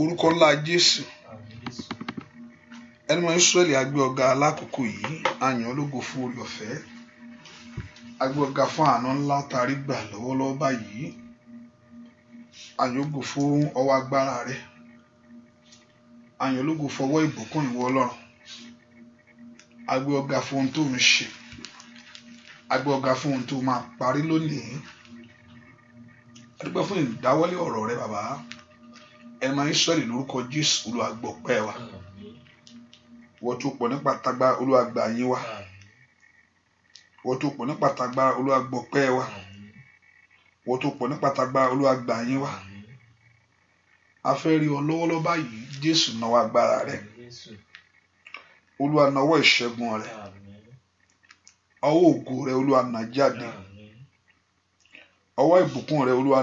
orúkọ ńlá jésù ẹnumọ israẹli agbé ọ̀gá alákòókò yìí àyàn ológo fún orí ọ̀fẹ́ agbé ọ̀gá fún àánú ńlá tarí gbà lọ́wọ́lọ́wọ́ báyìí àyàn ológo fún ọwọ́ agbára rẹ̀ àyàn ológo fọwọ́ ìbùkún ìwọ ọlọ́run agbé ọ̀gá fún ohun tó ń ṣe agbé ọ̀gá fún ohun tó máa parí lónìí a fún ìdáwọ́lé ọ̀rọ̀ rẹ bàbá ẹ máa ń sọ̀rì lórúkọ jésù olùwàgbọ̀pẹ́ wa wọ́n tó pọ̀ nípa tagbá olùwàgbà yín wa wọ́n tó pọ̀ nípa tagbá olùwàgbọ̀pẹ́ wa wọ́n tó pọ̀ nípa tagbá olùwàgbà yín wa a fẹ́ báyìí jésù náwó agbára rẹ olúwa ìṣẹ́gun rẹ ọwọ́ ògo rẹ olúwa ọwọ́ ìbùkún rẹ olúwa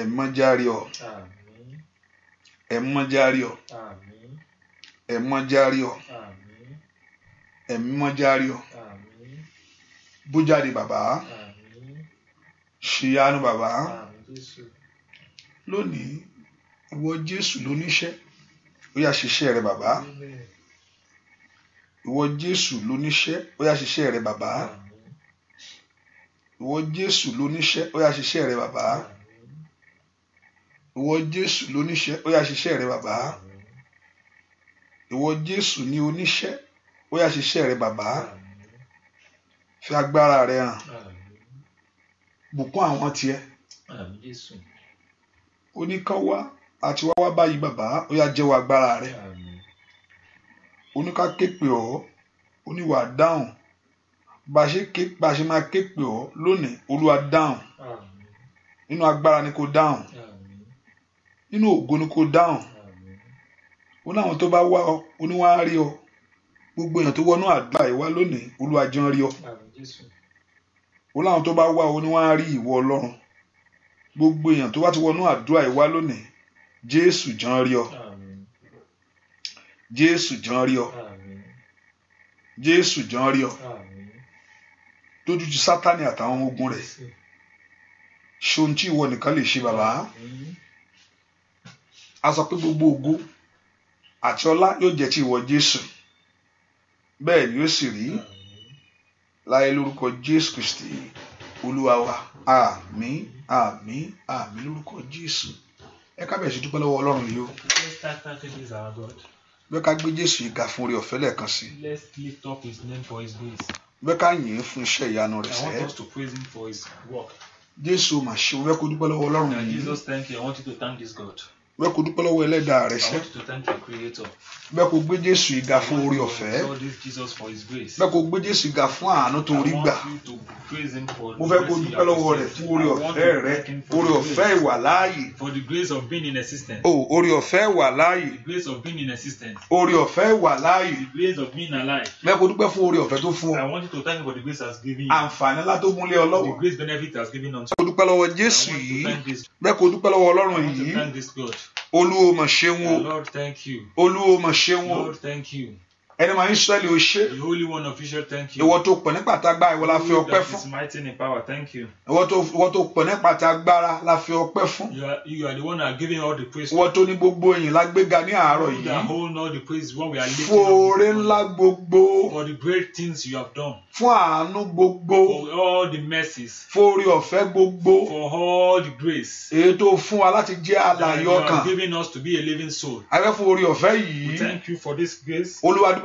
ẹ̀mọ́járe ọ̀ ẹ̀mọ́járe ọ̀ ẹ̀mọ́járe ọ̀ ẹ̀mọ́járe ọ̀ bújáde bàbá ṣìyanu bàbá lónìí ìwọ Jésù lóníṣẹ́ ó yá ṣiṣẹ́ rẹ bàbá ìwọ Jésù lóníṣẹ́ ó yá ṣiṣẹ́ rẹ bàbá ìwọ Jésù lóníṣẹ́ ó yá ṣiṣẹ́ rẹ bàbá. Amen ìwọ jésù lóníṣẹ́ ó yá ṣiṣẹ́ rẹ bàbá ìwọ jésù ní oníṣẹ́ ó yá ṣiṣẹ́ rẹ bàbá fi agbára rẹ hàn bùkún àwọn tiẹ̀ oníkan wá àti wá wá báyìí bàbá ó yá jẹ́wọ́ agbára rẹ oníkan képe ọ oníwà dáhùn bá a ṣe máa képe ọ lónìí olúwa dáhùn nínú agbára ni kò dáhùn. Amen nínú ògo ni kò dáhùn ó láwọn tó bá wá ọ oníwà á rí ọ gbogbo èèyàn tó wọnú àdúrà ìwá lónìí olúwa jẹ́ rí ọ ó láwọn tó bá wá ọ oníwà á rí ìwọ ọlọ́run gbogbo èèyàn tó bá ti wọnú àdúrà ìwá lónìí jésù jẹ́ rí ọ jésù jẹ́ rí ọ jésù jẹ́ rí ọ dójútì sátani àtàwọn ogun rẹ̀ ṣohun tí ìwọ nìkan lè ṣe bàbá. Amen a sọ pé gbogbo ògo àti ọlá yóò jẹ́ ti ìwọ Jésù bẹ́ẹ̀ ni yóò sì rí láyé lórúkọ Jésù Kristi Olúwa wa àmín àmín àmín lórúkọ Jésù ẹ kábẹ̀ sí dúpẹ́ lọ́wọ́ Ọlọ́run yìí o bẹ́ẹ̀ ká gbé Jésù yìí ga fún oore ọ̀fẹ́ lẹ́ẹ̀kan sí bẹ́ẹ̀ ká yìn ín fún iṣẹ́ ìyanu rẹ̀ sẹ́ Jésù mà ṣe o bẹ́ẹ̀ kó dúpẹ́ lọ́wọ́ Ọlọ́run yìí bẹ́ẹ̀ kó dúpẹ́ lọ́wọ́ ẹlẹ́dàá rẹ sẹ́ bẹ́ẹ̀ kó gbé Jésù ìga fún orí ọ̀fẹ́ bẹ́ẹ̀ kó gbé Jésù ìga fún àánú tó rí gbà mo fẹ́ kó dúpẹ́ lọ́wọ́ rẹ fún orí ọ̀fẹ́ rẹ oh, orí ọ̀fẹ́ ìwà láàyè o orí ọ̀fẹ́ ìwà láàyè orí ọ̀fẹ́ ìwà láàyè bẹ́ẹ̀ kó dúpẹ́ fún orí ọ̀fẹ́ tó fún ọ àǹfààní ńlá tó múlẹ̀ ọ lọ́wọ́ kó dúpẹ́ lọ́wọ́ Jésù yìí bẹ́ẹ̀ kó dúpẹ́ lọ́wọ́ Ọlọ́run yìí. Olúwo mà ṣeun o. Olúwo mà ṣeun o ẹni máa ń sẹ́lẹ̀ o ṣe. the holy one of Israel thank you. ìwọ tó pọ̀ nípa tágbá ìwọ la fi ọpẹ́ fún. that is mighty in power thank you. ìwọ tó pọ̀ nípa tágbára la fi ọpẹ́ fún. you are the one that are giving all the praise. ìwọ tó ní gbogbo ìyìn la ní àárọ̀ yìí. you are holding all the praise when we are lifting up. fún ńlá gbogbo. for the great things you have done. fún àánú gbogbo. for all the mercies. fún oore ọ̀fẹ́ gbogbo. for all the grace. èyí tó fún wa láti jẹ́ alààyè ọkàn. you are giving us to be a living soul. thank you for this grace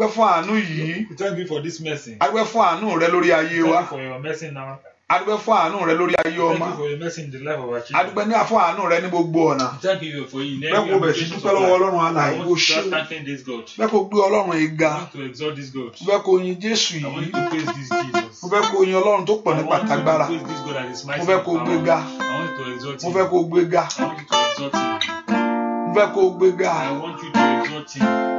fún àánú yìí. thank you for this mercy. a fún àánú rẹ lórí ayé wa. thank you for your mercy now. a fún àánú rẹ lórí ayé ọmọ. thank you for your mercy in the life of our children. a dúpẹ́ ní fún àánú rẹ ní gbogbo ọ̀nà. thank you for your name. bẹ́ẹ̀ kó bẹ̀ sí dúpẹ́ lọ́wọ́ ọlọ́run aláì kó ṣe. bẹ́ẹ̀ gbé ọlọ́run ìga. bẹ́ẹ̀ yin jésù yìí. mo fẹ́ kó yin ọlọ́run tó pọ̀ nípa tagbára. mo fẹ́ kó gbé ga. mo fẹ́ kó gbé ga. mo fẹ́ kó gbé ga. I want you to exalt him.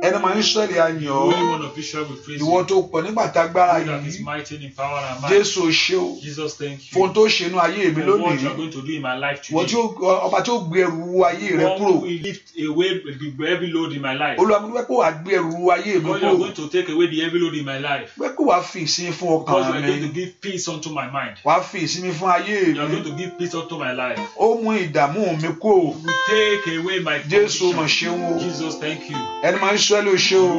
ẹnu máa ń sọ̀rọ̀ ayọ̀ ọ́ ìwọ tó pọ̀ nígbà tá a gbára yìí jésù ṣe o fún tó ṣe inú ayé mi lónìí wọ́n tí ọba tí ó gbé ẹrù wu ayé rẹ kúrò olúwa mi wẹ́ pé wàá gbé ẹrù wu ayé mi kúrò wẹ́ pé wàá fi ìsinmi fún ọkàn mi wàá fi ìsinmi fún ayé mi ó mú ìdààmú mi kúrò jésù mọ̀ ṣeun o ẹni máa ń sọ. Israẹli o ṣé o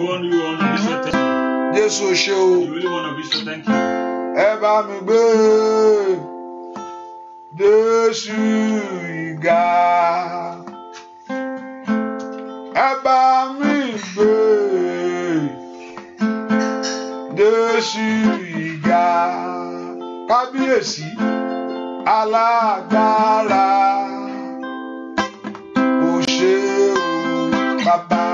Jésù o ṣé o ẹ bá mi gbé Jésù ìga ẹ bá mi gbé Jésù ìga kábíyèsí alágbára. bye baba.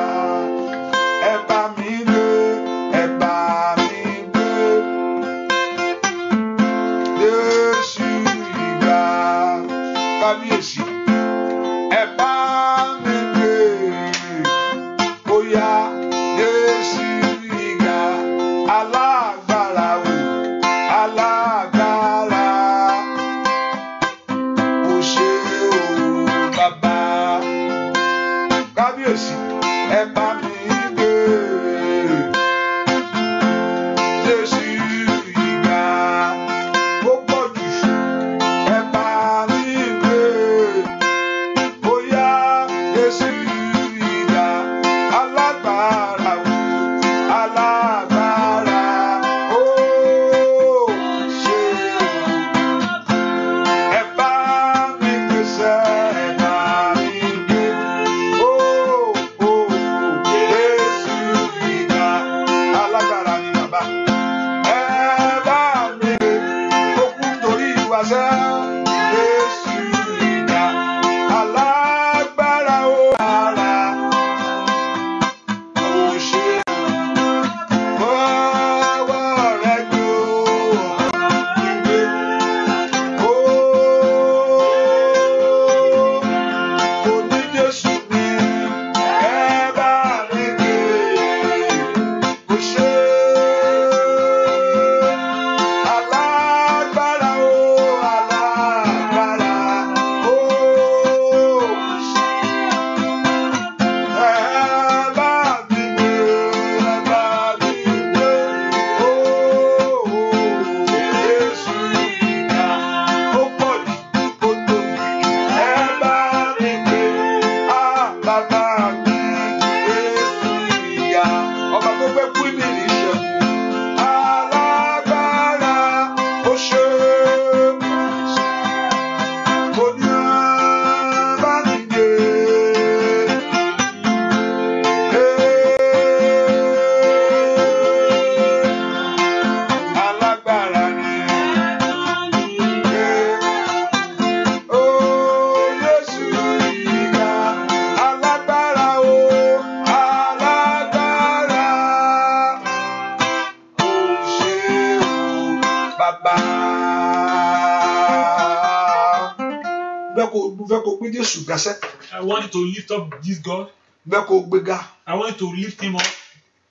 want you to lift up this God. Mo fẹ́ kó gbéga. I want you to lift him up.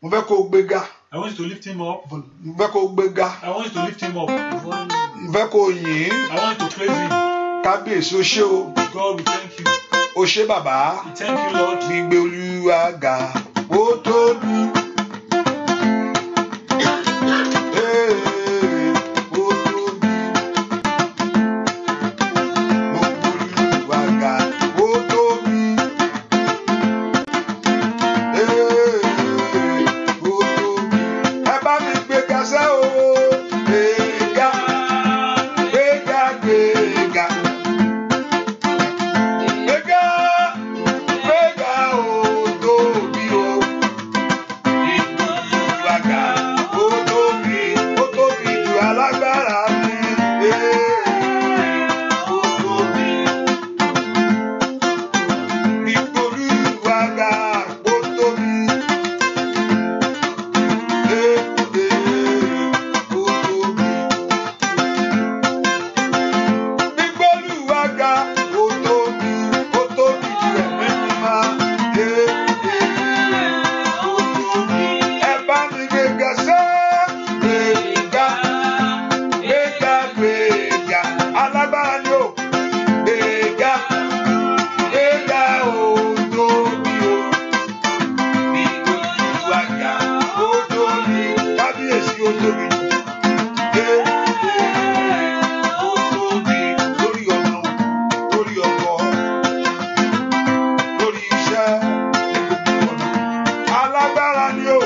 Mo fẹ́ kó gbéga. I want you to lift him up. Mo fẹ́ kó gbéga. I want you to lift him up. Mo fẹ́ kó yìn. I want you to praise him. Kábíyèsí o ṣé o. God we thank you. O ṣé bàbá. We thank you Lord. Gbígbé Olúwa ga. Ó tó dùn. Emmanuel.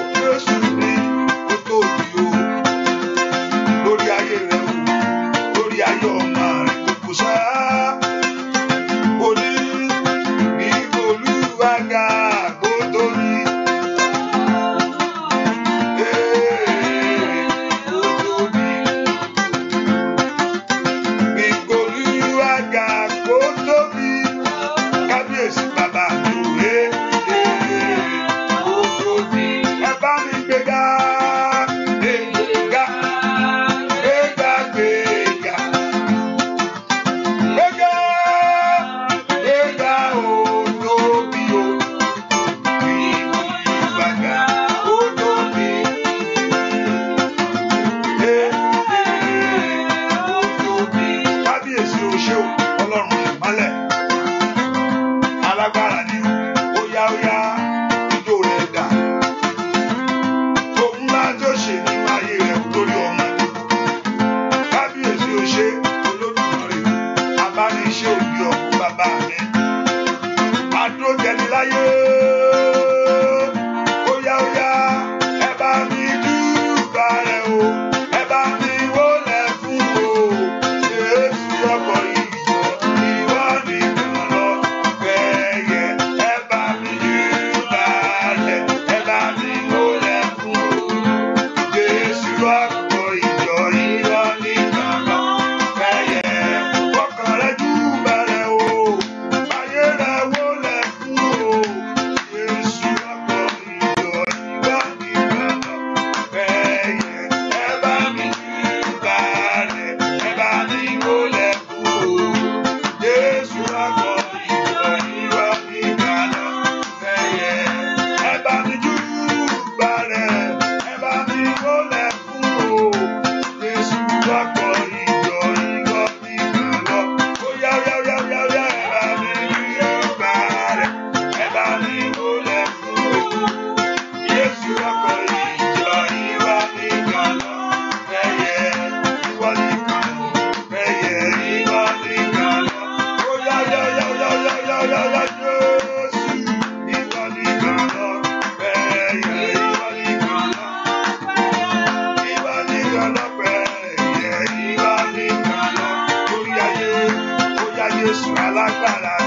Jésù alágbára.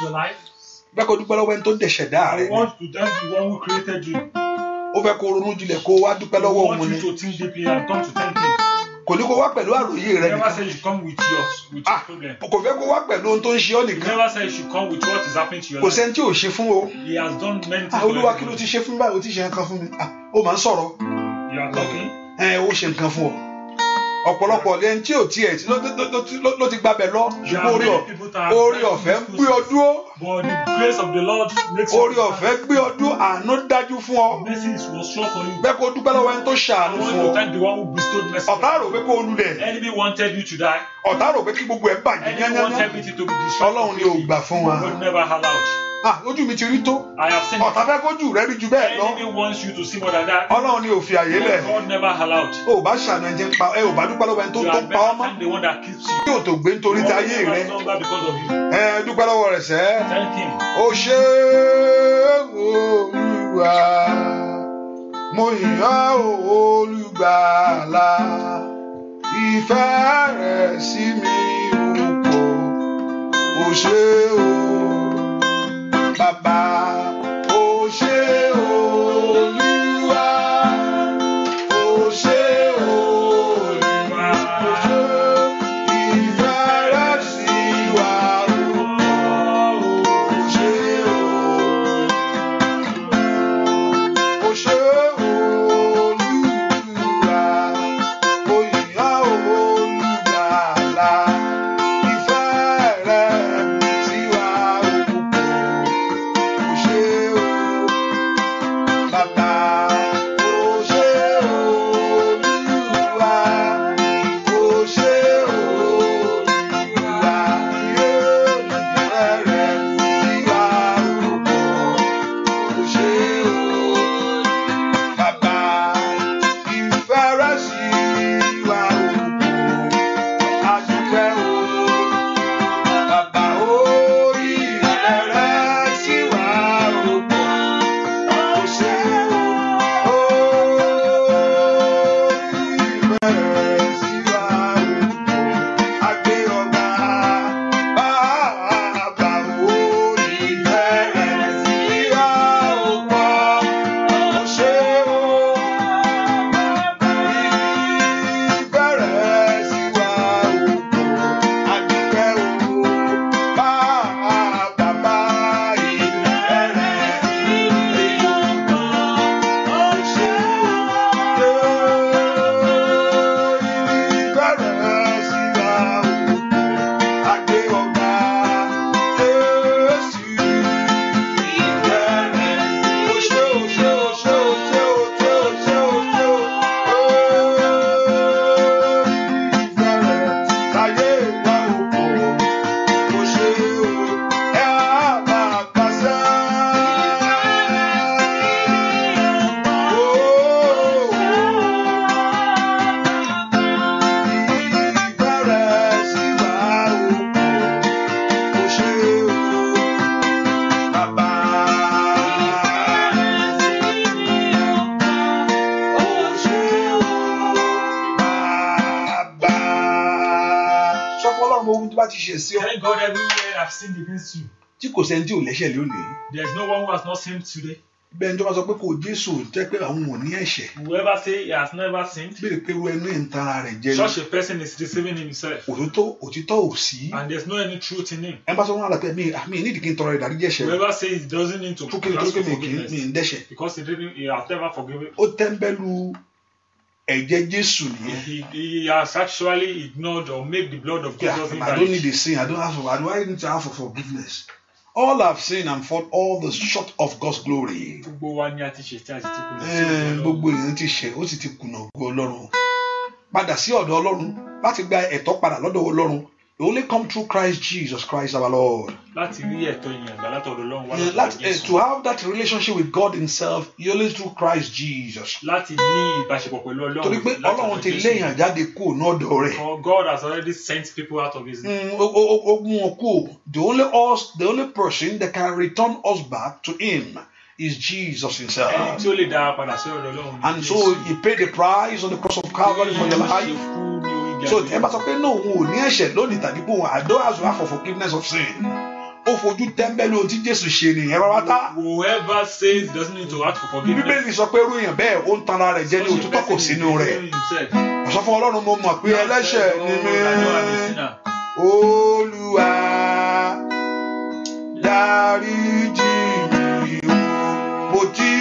your dúpẹ́ lọ́wọ́ ẹni tó dẹ̀ ṣẹ̀dá rẹ̀. I want to thank the one who created you. Ó fẹ́ kó ronú jinlẹ̀ kó wá dúpẹ́ lọ́wọ́ òun ni. I want you to think deeply and come to thank Kò ní kó wá pẹ̀lú àròyé rẹ nìkan. He never said you come with yours with ah, Kò fẹ́ kó wá pẹ̀lú ohun tó ń ṣe ọ́ nìkan. never said you come with what is happening to your Kò sẹ́ni tí ò ṣe fún o. He has done many things. Ah, Olúwa kí ló ti ṣe fún báyìí o ti ṣe nǹkan fún mi. O ah, máa ń sọ̀rọ̀. You are talking. Ẹ ó ṣe nǹkan fún ọ ọ̀pọ̀lọpọ̀ lẹ́yìn tí ò tiẹ̀ ló ti gbabẹ̀ lọ ṣùgbọ́n orí ọ̀ orí ọ̀fẹ́ gbé ọ dúró. but the grace of the Lord makes you. orí ọ̀fẹ́ gbé ọ dúró àánú dájú fún ọ. mercy is was sure for you. bẹ́ẹ̀ kó dúpẹ́ lọ́wọ́ ẹni tó ṣàánú fún ọ. I want to thank the one who bestowed mercy. ọ̀tá rò pé kó o lulẹ̀. enemy wanted you to die. ọ̀tá rò pé kí gbogbo ẹ̀ bàjẹ́ yányá. enemy wanted me to be destroyed. ọlọ́run ni ò gbà fún wa. God never allowed ah ojú mi ti rí tó ọ̀tá fẹ́ kójú rẹ rí ju bẹ́ẹ̀ lọ ọlọ́run ni ò fi àyè lẹ̀ ò bá ṣàmì ẹ̀jẹ̀ pa ẹ ò bá dúpẹ́ lọ́wọ́ ẹni tó tó pa ọ́ mọ́ yóò tó gbé nítorí ti ayé rẹ ẹ dúpẹ́ lọ́wọ́ rẹ̀ sẹ́ o ṣé olúwa mo yìn ọ́ olùgbàlà ìfẹ́ rẹ̀ sí mi ò pọ̀ o ṣé o bàbá. against you. tí kò sẹ́ni ò lẹ́ṣẹ̀ lónìí. there is no one who has not sinned today. bẹ́ẹ̀ ni tó bá sọ pé kò Jésù jẹ́ pé àwọn ò ní ẹ̀ṣẹ̀. whoever say he has never sinned. béèrè pé wo ẹnu ẹ̀ ń tara rẹ̀ jẹ ni. such a person is deceiving himself. òtítọ́ òtítọ́ ò sí. and there is no any truth in him. ẹ bá sọ wọn àlàpẹ mi ah, mi ní ìdí tọrọ ìdáríjì ẹ̀ṣẹ̀. whoever say he doesn't need to ask for forgiveness. mi kì í mi ń because he has never forgiven. ó tẹ́ńbẹ́lú ẹ̀jẹ̀ Jésù nìyẹn. he he has actually ignored or made the blood of Jesus yeah, invalid. I don't need a sin I don't have why do I need to have for forgiveness. All I've seen and fought all the short of God's glory. Gbogbo wa ni a ti ṣe tí a sì ti kùnà sí ògo eh, Ọlọ́run. Gbogbo èèyàn ti ṣe ó sì ti kùnà ògo Ọlọ́run. Padà sí ọ̀dọ̀ Ọlọ́run láti gba ẹ̀tọ́ padà lọ́dọ̀ Ọlọ́run only come through Christ Jesus Christ our Lord. Láti rí ẹ̀tọ́ yẹn àgbà látọ̀dọ̀ Ọlọ́run wá látọ̀dọ̀ eh, Jésù. To have that relationship with God himself you only through Christ Jesus. Láti ní ìbáṣepọ̀ pẹ̀lú Ọlọ́run. Torí pé Ọlọ́run ti léèyàn jáde kúrò n'ọ̀dọ̀ rẹ̀. For God has already sent people out of his. Ó mm, mú wọn kú. The only us the only person that can return us back to him is Jesus himself. Ẹni tí ó lè And so he paid the price on the cross of Calvary for your life so ẹ bá sọ pé náà òun ò ní ẹ̀ṣẹ̀ lónìí tàbí pé òun àdó àzọ àfọ̀ forgiveness of sin ó fojú tẹ́ḿbẹ́lú ohun tí Jésù ṣe nìyẹn rárá tá. whoever says doesn't need to ask for forgiveness. bíbélì sọ pé irú èèyàn bẹ́ẹ̀ ó ń tanra rẹ̀ jẹ́ ní òtítọ́ kò sínú rẹ̀ àṣọ fún Ọlọ́run mo mọ̀ pé ẹlẹ́ṣẹ̀ ni mí Olúwa dáríjì mi mo jí.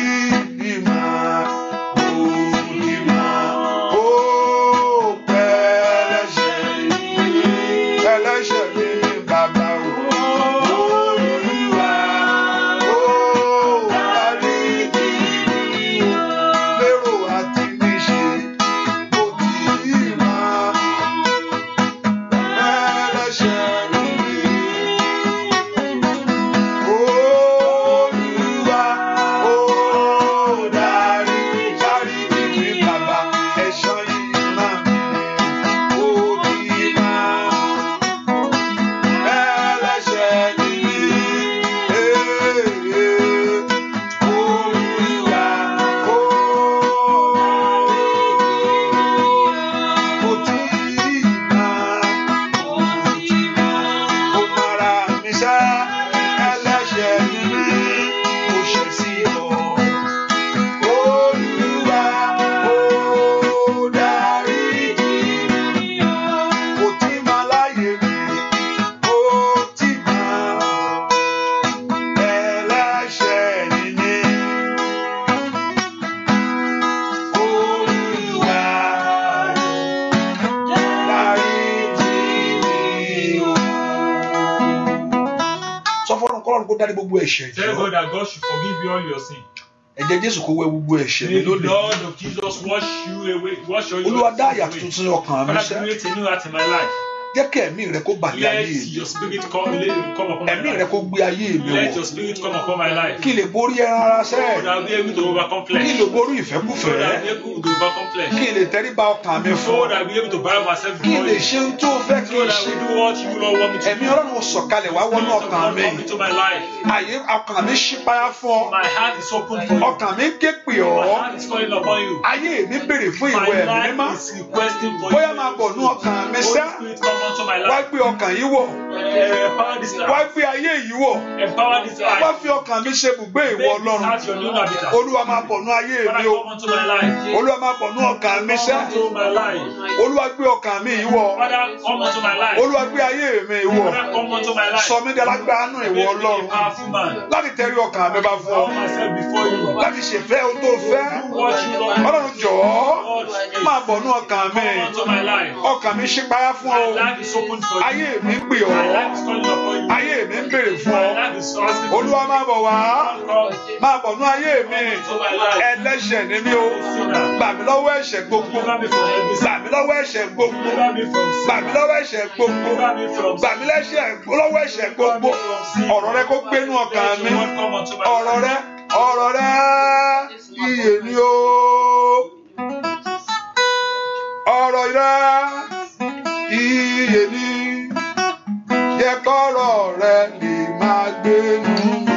kó dárí gbogbo ẹ̀ṣẹ̀ jì tell God that God should forgive you all your sin. ẹ̀jẹ̀ Jésù kó wẹ gbogbo ẹ̀ṣẹ̀ mi lónìí. may the Lord of Jesus wash you away wash your sins away. Olúwa dá àyà tuntun ọkàn mi sẹ́. Father create a new heart in my life jẹ́ kí ẹ̀mí rẹ kó balẹ̀ ayé mi. let your spirit come, upon my ẹ̀mí rẹ kó gbé ayé mi wọ̀. let your spirit come upon my life. kí lè borí ẹran ara sẹ́. so that I will be able to overcome flesh. kí lè borí ìfẹ́kùfẹ́. I be able to kí lè tẹríba ọkàn mi fún. buy myself for you. kí lè ṣe ń tó fẹ́ kí n ṣe. so that will do what you Lord want me to ẹ̀mí ọlọ́run ò sọ̀kalẹ̀ wá wọnú ọkàn mi. àyè ọkàn mi ṣí payá fún ọ. my heart is you. ọkàn mi ké pè ọ́. you. ayé mi béèrè fún ìwẹ̀ mímọ́. my life is requesting you. bóyá máa bọ̀ nú ọkàn mi sẹ́ wá gbé ọkàn yìí wọ̀ eh, wá gbé ayé yìí wọ̀ wá fi ọkàn mi ṣe bùgbé ìwọ ọlọ́run olúwa máa pọ̀ nú ayé mi o olúwa máa pọ̀ nú ọkàn mi ṣẹ́ olúwa gbé ọkàn mi yìí wọ̀ olúwa gbé ayé mi yìí wọ̀ sọ mí di alágbàánu ìwọ ọlọ́run láti tẹrí ọkàn mi bá fún ọ láti ṣèfẹ́ ohun tó fẹ́ ọlọ́run jọ̀ọ́ máa bọ̀ nú ọkàn mi ọkàn mi ṣípayá fún ọ ayé mi ń pè ọ́ ayé mi ń béèrè fún ọ olúwa máa bọ̀ wá máa bọ̀ nú ayé mi ẹlẹ́ṣẹ̀ ni mí o gbà mí lọ́wọ́ ẹ̀ṣẹ̀ gbogbo gbà mí lọ́wọ́ ẹ̀ṣẹ̀ gbogbo gbà mí lọ́wọ́ ẹ̀ṣẹ̀ gbogbo gbà mí lọ́wọ́ ẹ̀ṣẹ̀ gbogbo ọ̀rọ̀ rẹ kó gbénú ọkàn mi ọ̀rọ̀ rẹ ọ̀rọ̀ rẹ iyè ni o ọ̀rọ̀ rẹ ìyè ní yẹ kọ́rọ̀ rẹ lè máa gbénu.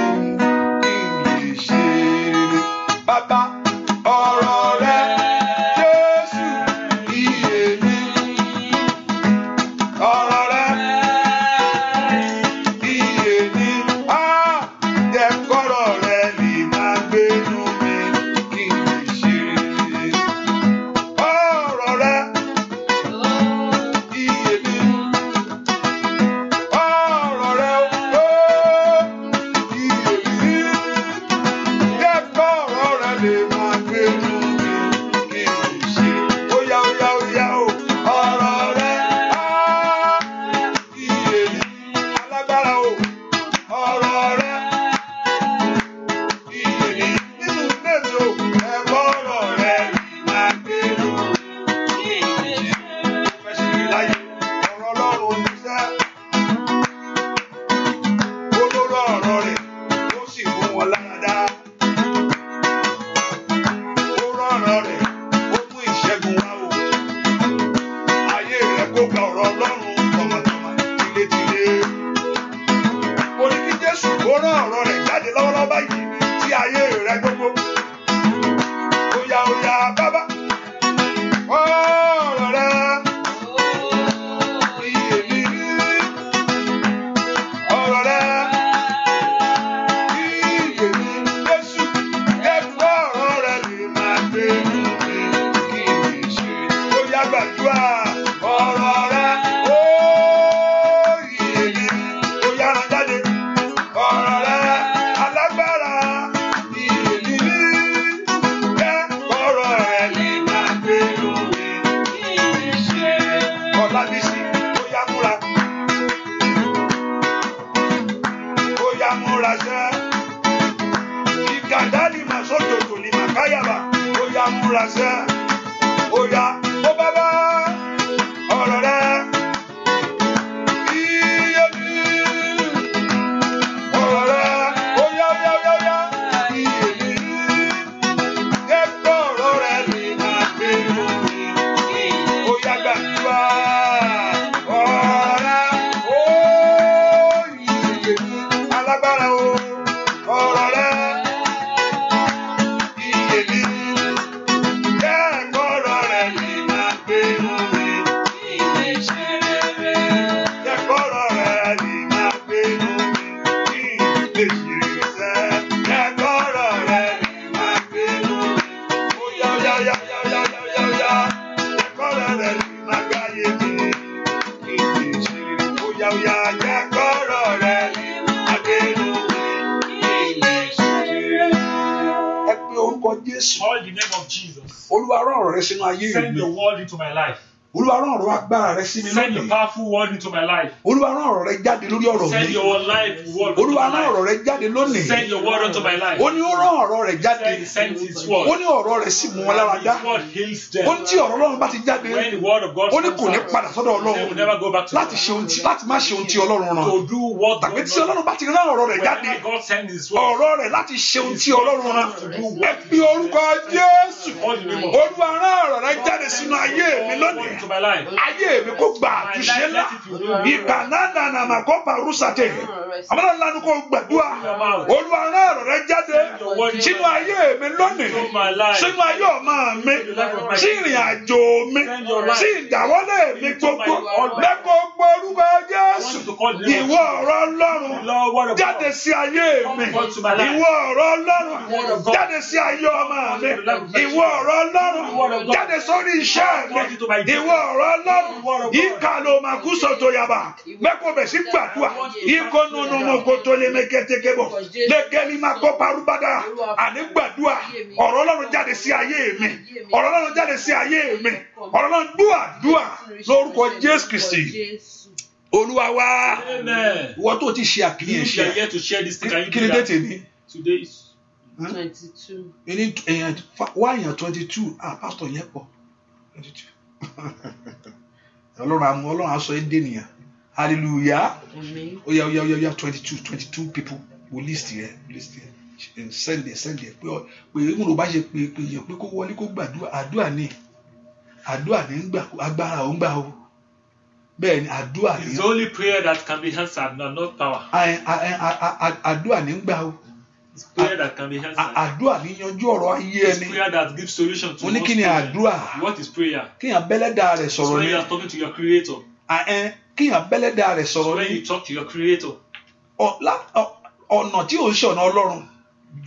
Send a powerful word into my life. lórí ọ̀rọ̀ mi olúwa rán ọ̀rọ̀ rẹ jáde lónìí ó ní ó rán ọ̀rọ̀ rẹ jáde ó ní ọ̀rọ̀ rẹ sì mú wọn lára dá ó ní tí ọ̀rọ̀ Ọlọ́run bá ti jáde ó ní kò ní padà sọ́dọ̀ Ọlọ́run láti ṣe ohun tí láti má ṣe ohun tí Ọlọ́run rán tàbí tí Ọlọ́run bá ti rán ọ̀rọ̀ rẹ jáde ọ̀rọ̀ rẹ láti ṣe ohun tí Ọlọ́run rán ẹ fi orúkọ Jésù olúwa rán ọ̀rọ̀ rẹ jáde sínú ayé mi lónìí ayé mi kò gbà àtúnṣe ńlá ìgbà náà nàmà kó parusa tẹ amala lanu ko gbàdúrà olúwa rán ọ̀rọ̀ rẹ jáde sínú ayé mi lónìí sínú ayé ọmọ mi sí ìrìn àjò mi sí ìdáwọ́lé mi gbogbo lẹ́kọ̀ọ́ gbórúkọ Jésù ìwọ ọ̀rọ̀ Ọlọ́run jáde sí ayé mi ìwọ ọ̀rọ̀ Ọlọ́run jáde sí ayé ọmọ mi ìwọ ọ̀rọ̀ Ọlọ́run jáde sórí iṣẹ́ mi ìwọ ọ̀rọ̀ Ọlọ́run yìí kà ló máa yaba lẹ́kọ̀ọ́ bẹ̀ sí gbàdúrà kuwa iko nono moko tó lè mẹkẹtẹkẹ bọ lẹgẹli ma kọ parubada ani gbàdúrà ọ̀rọ̀ Ọlọ́run jáde sí ayé mi ọ̀rọ̀ Ọlọ́run si sí me. mi ọ̀rọ̀ dua dua. Lord lórúkọ Jesus Kristi Oluwa wa ìwọ tó ti ṣe àkíyèsí kí ni dé tèmi ẹni ẹyàn wá èèyàn twenty two ah pastor yẹn pọ̀ twenty two ọlọ́run àmú ọlọ́run aṣọ ẹdẹ nìyẹn Hallelujah. Amen. Oh yeah, oh yeah, oh yeah, yeah. 22, 22 people will list here, list here. and Sunday, Sunday. Pé pé we, ló bá ṣe pé we, yẹn pé kó wọlé kó gbàdúrà àdúrà ni àdúrà ni ń gbà agbára ò ń gbà o. Bẹ́ẹ̀ ni àdúrà ni. It's only prayer that can be answered na not power. Àdúrà ni ń gbà o. It's prayer that can be answered. Àdúrà ni yanjú ọ̀rọ̀ ayé ẹni. It's prayer that gives solution to most problems. Mo ní kí ni àdúrà? What is prayer? Kí ni abẹ́lẹ́dà rẹ̀ sọ̀rọ̀ ni? It's prayer talking to your creator kí yàn bẹ́lẹ̀ rẹ̀ sọ̀rọ̀ ní. when you talk to your creator. ọ̀nà tí ò ń ṣe ọ̀nà ọlọ́run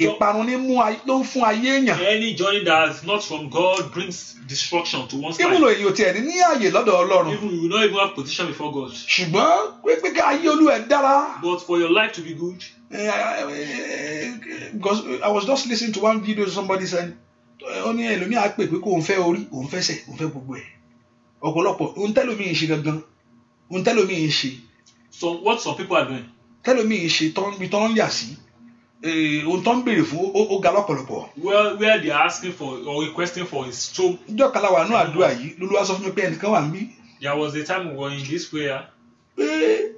ìparun ní mú ló ń fún ayé èèyàn. any journey that is not from God brings destruction to one's life. even though èyí ò tiẹ̀ ní ní ààyè lọ́dọ̀ ọlọ́run. even you no even have position before God. ṣùgbọ́n pé kí ayé olú ẹ̀ dára. but for your life to be good. because I was just listening to one video somebody said ó ní ẹlòmíà pè pé kó òun fẹ́ orí òun fẹ́ sẹ̀ òun fẹ́ gbogbo ẹ̀ ọ̀pọ̀lọpọ̀ òun tẹ́lómi ìṣe gangan ohun tẹ́lómi yìí ṣe. so what some people are doing. tẹ́lómi yìí ṣe ibi tọ́ ń yà sí eh, ohun tó ń béèrè fún ó ga lọ́pọ̀lọpọ̀. where where they are asking for or requesting for is so. ìjọ kan láwa náà àdúrà yìí lolúwa sọ fún mi pé ẹnìkan wà níbí. there was a time we were in this prayer. pé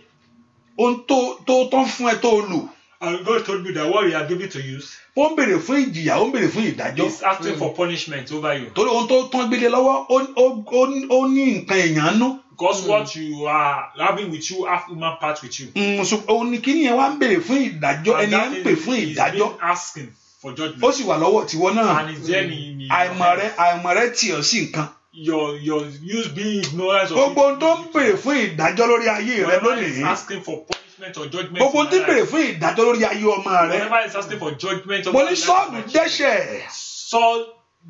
ohun tó tó tán fún ẹ tó lò. and God told me that what we are giving to you. ó ń béèrè fún ìjìyà ó ń béèrè fún ìdájọ́. he is asking for punishment over you. torí ohun tó tán gbélé lọ́wọ́ ó ní nǹkan èèyàn nú because mm. what you are having with you have human part with you. òun hmm, oh, ni kí ni ẹ wá ń béèrè fún ìdájọ́ ẹni ẹ ń pè fún ìdájọ́. ó sì wà lọ́wọ́ tiwọ́ náà àìmọ̀ rẹ àìmọ̀ rẹ tì ọ́ sí nǹkan. your your use being ignorance of. gbogbo ohun tó ń béèrè fún ìdájọ́ lórí ayé rẹ lónìí. punishment or judgment. gbogbo tí bèrè fún ìdájọ́ lórí ayé ọmọ rẹ. whenever he is asking for judgment. mo ní sọ́ọ̀lù dẹ́ṣẹ̀. Saul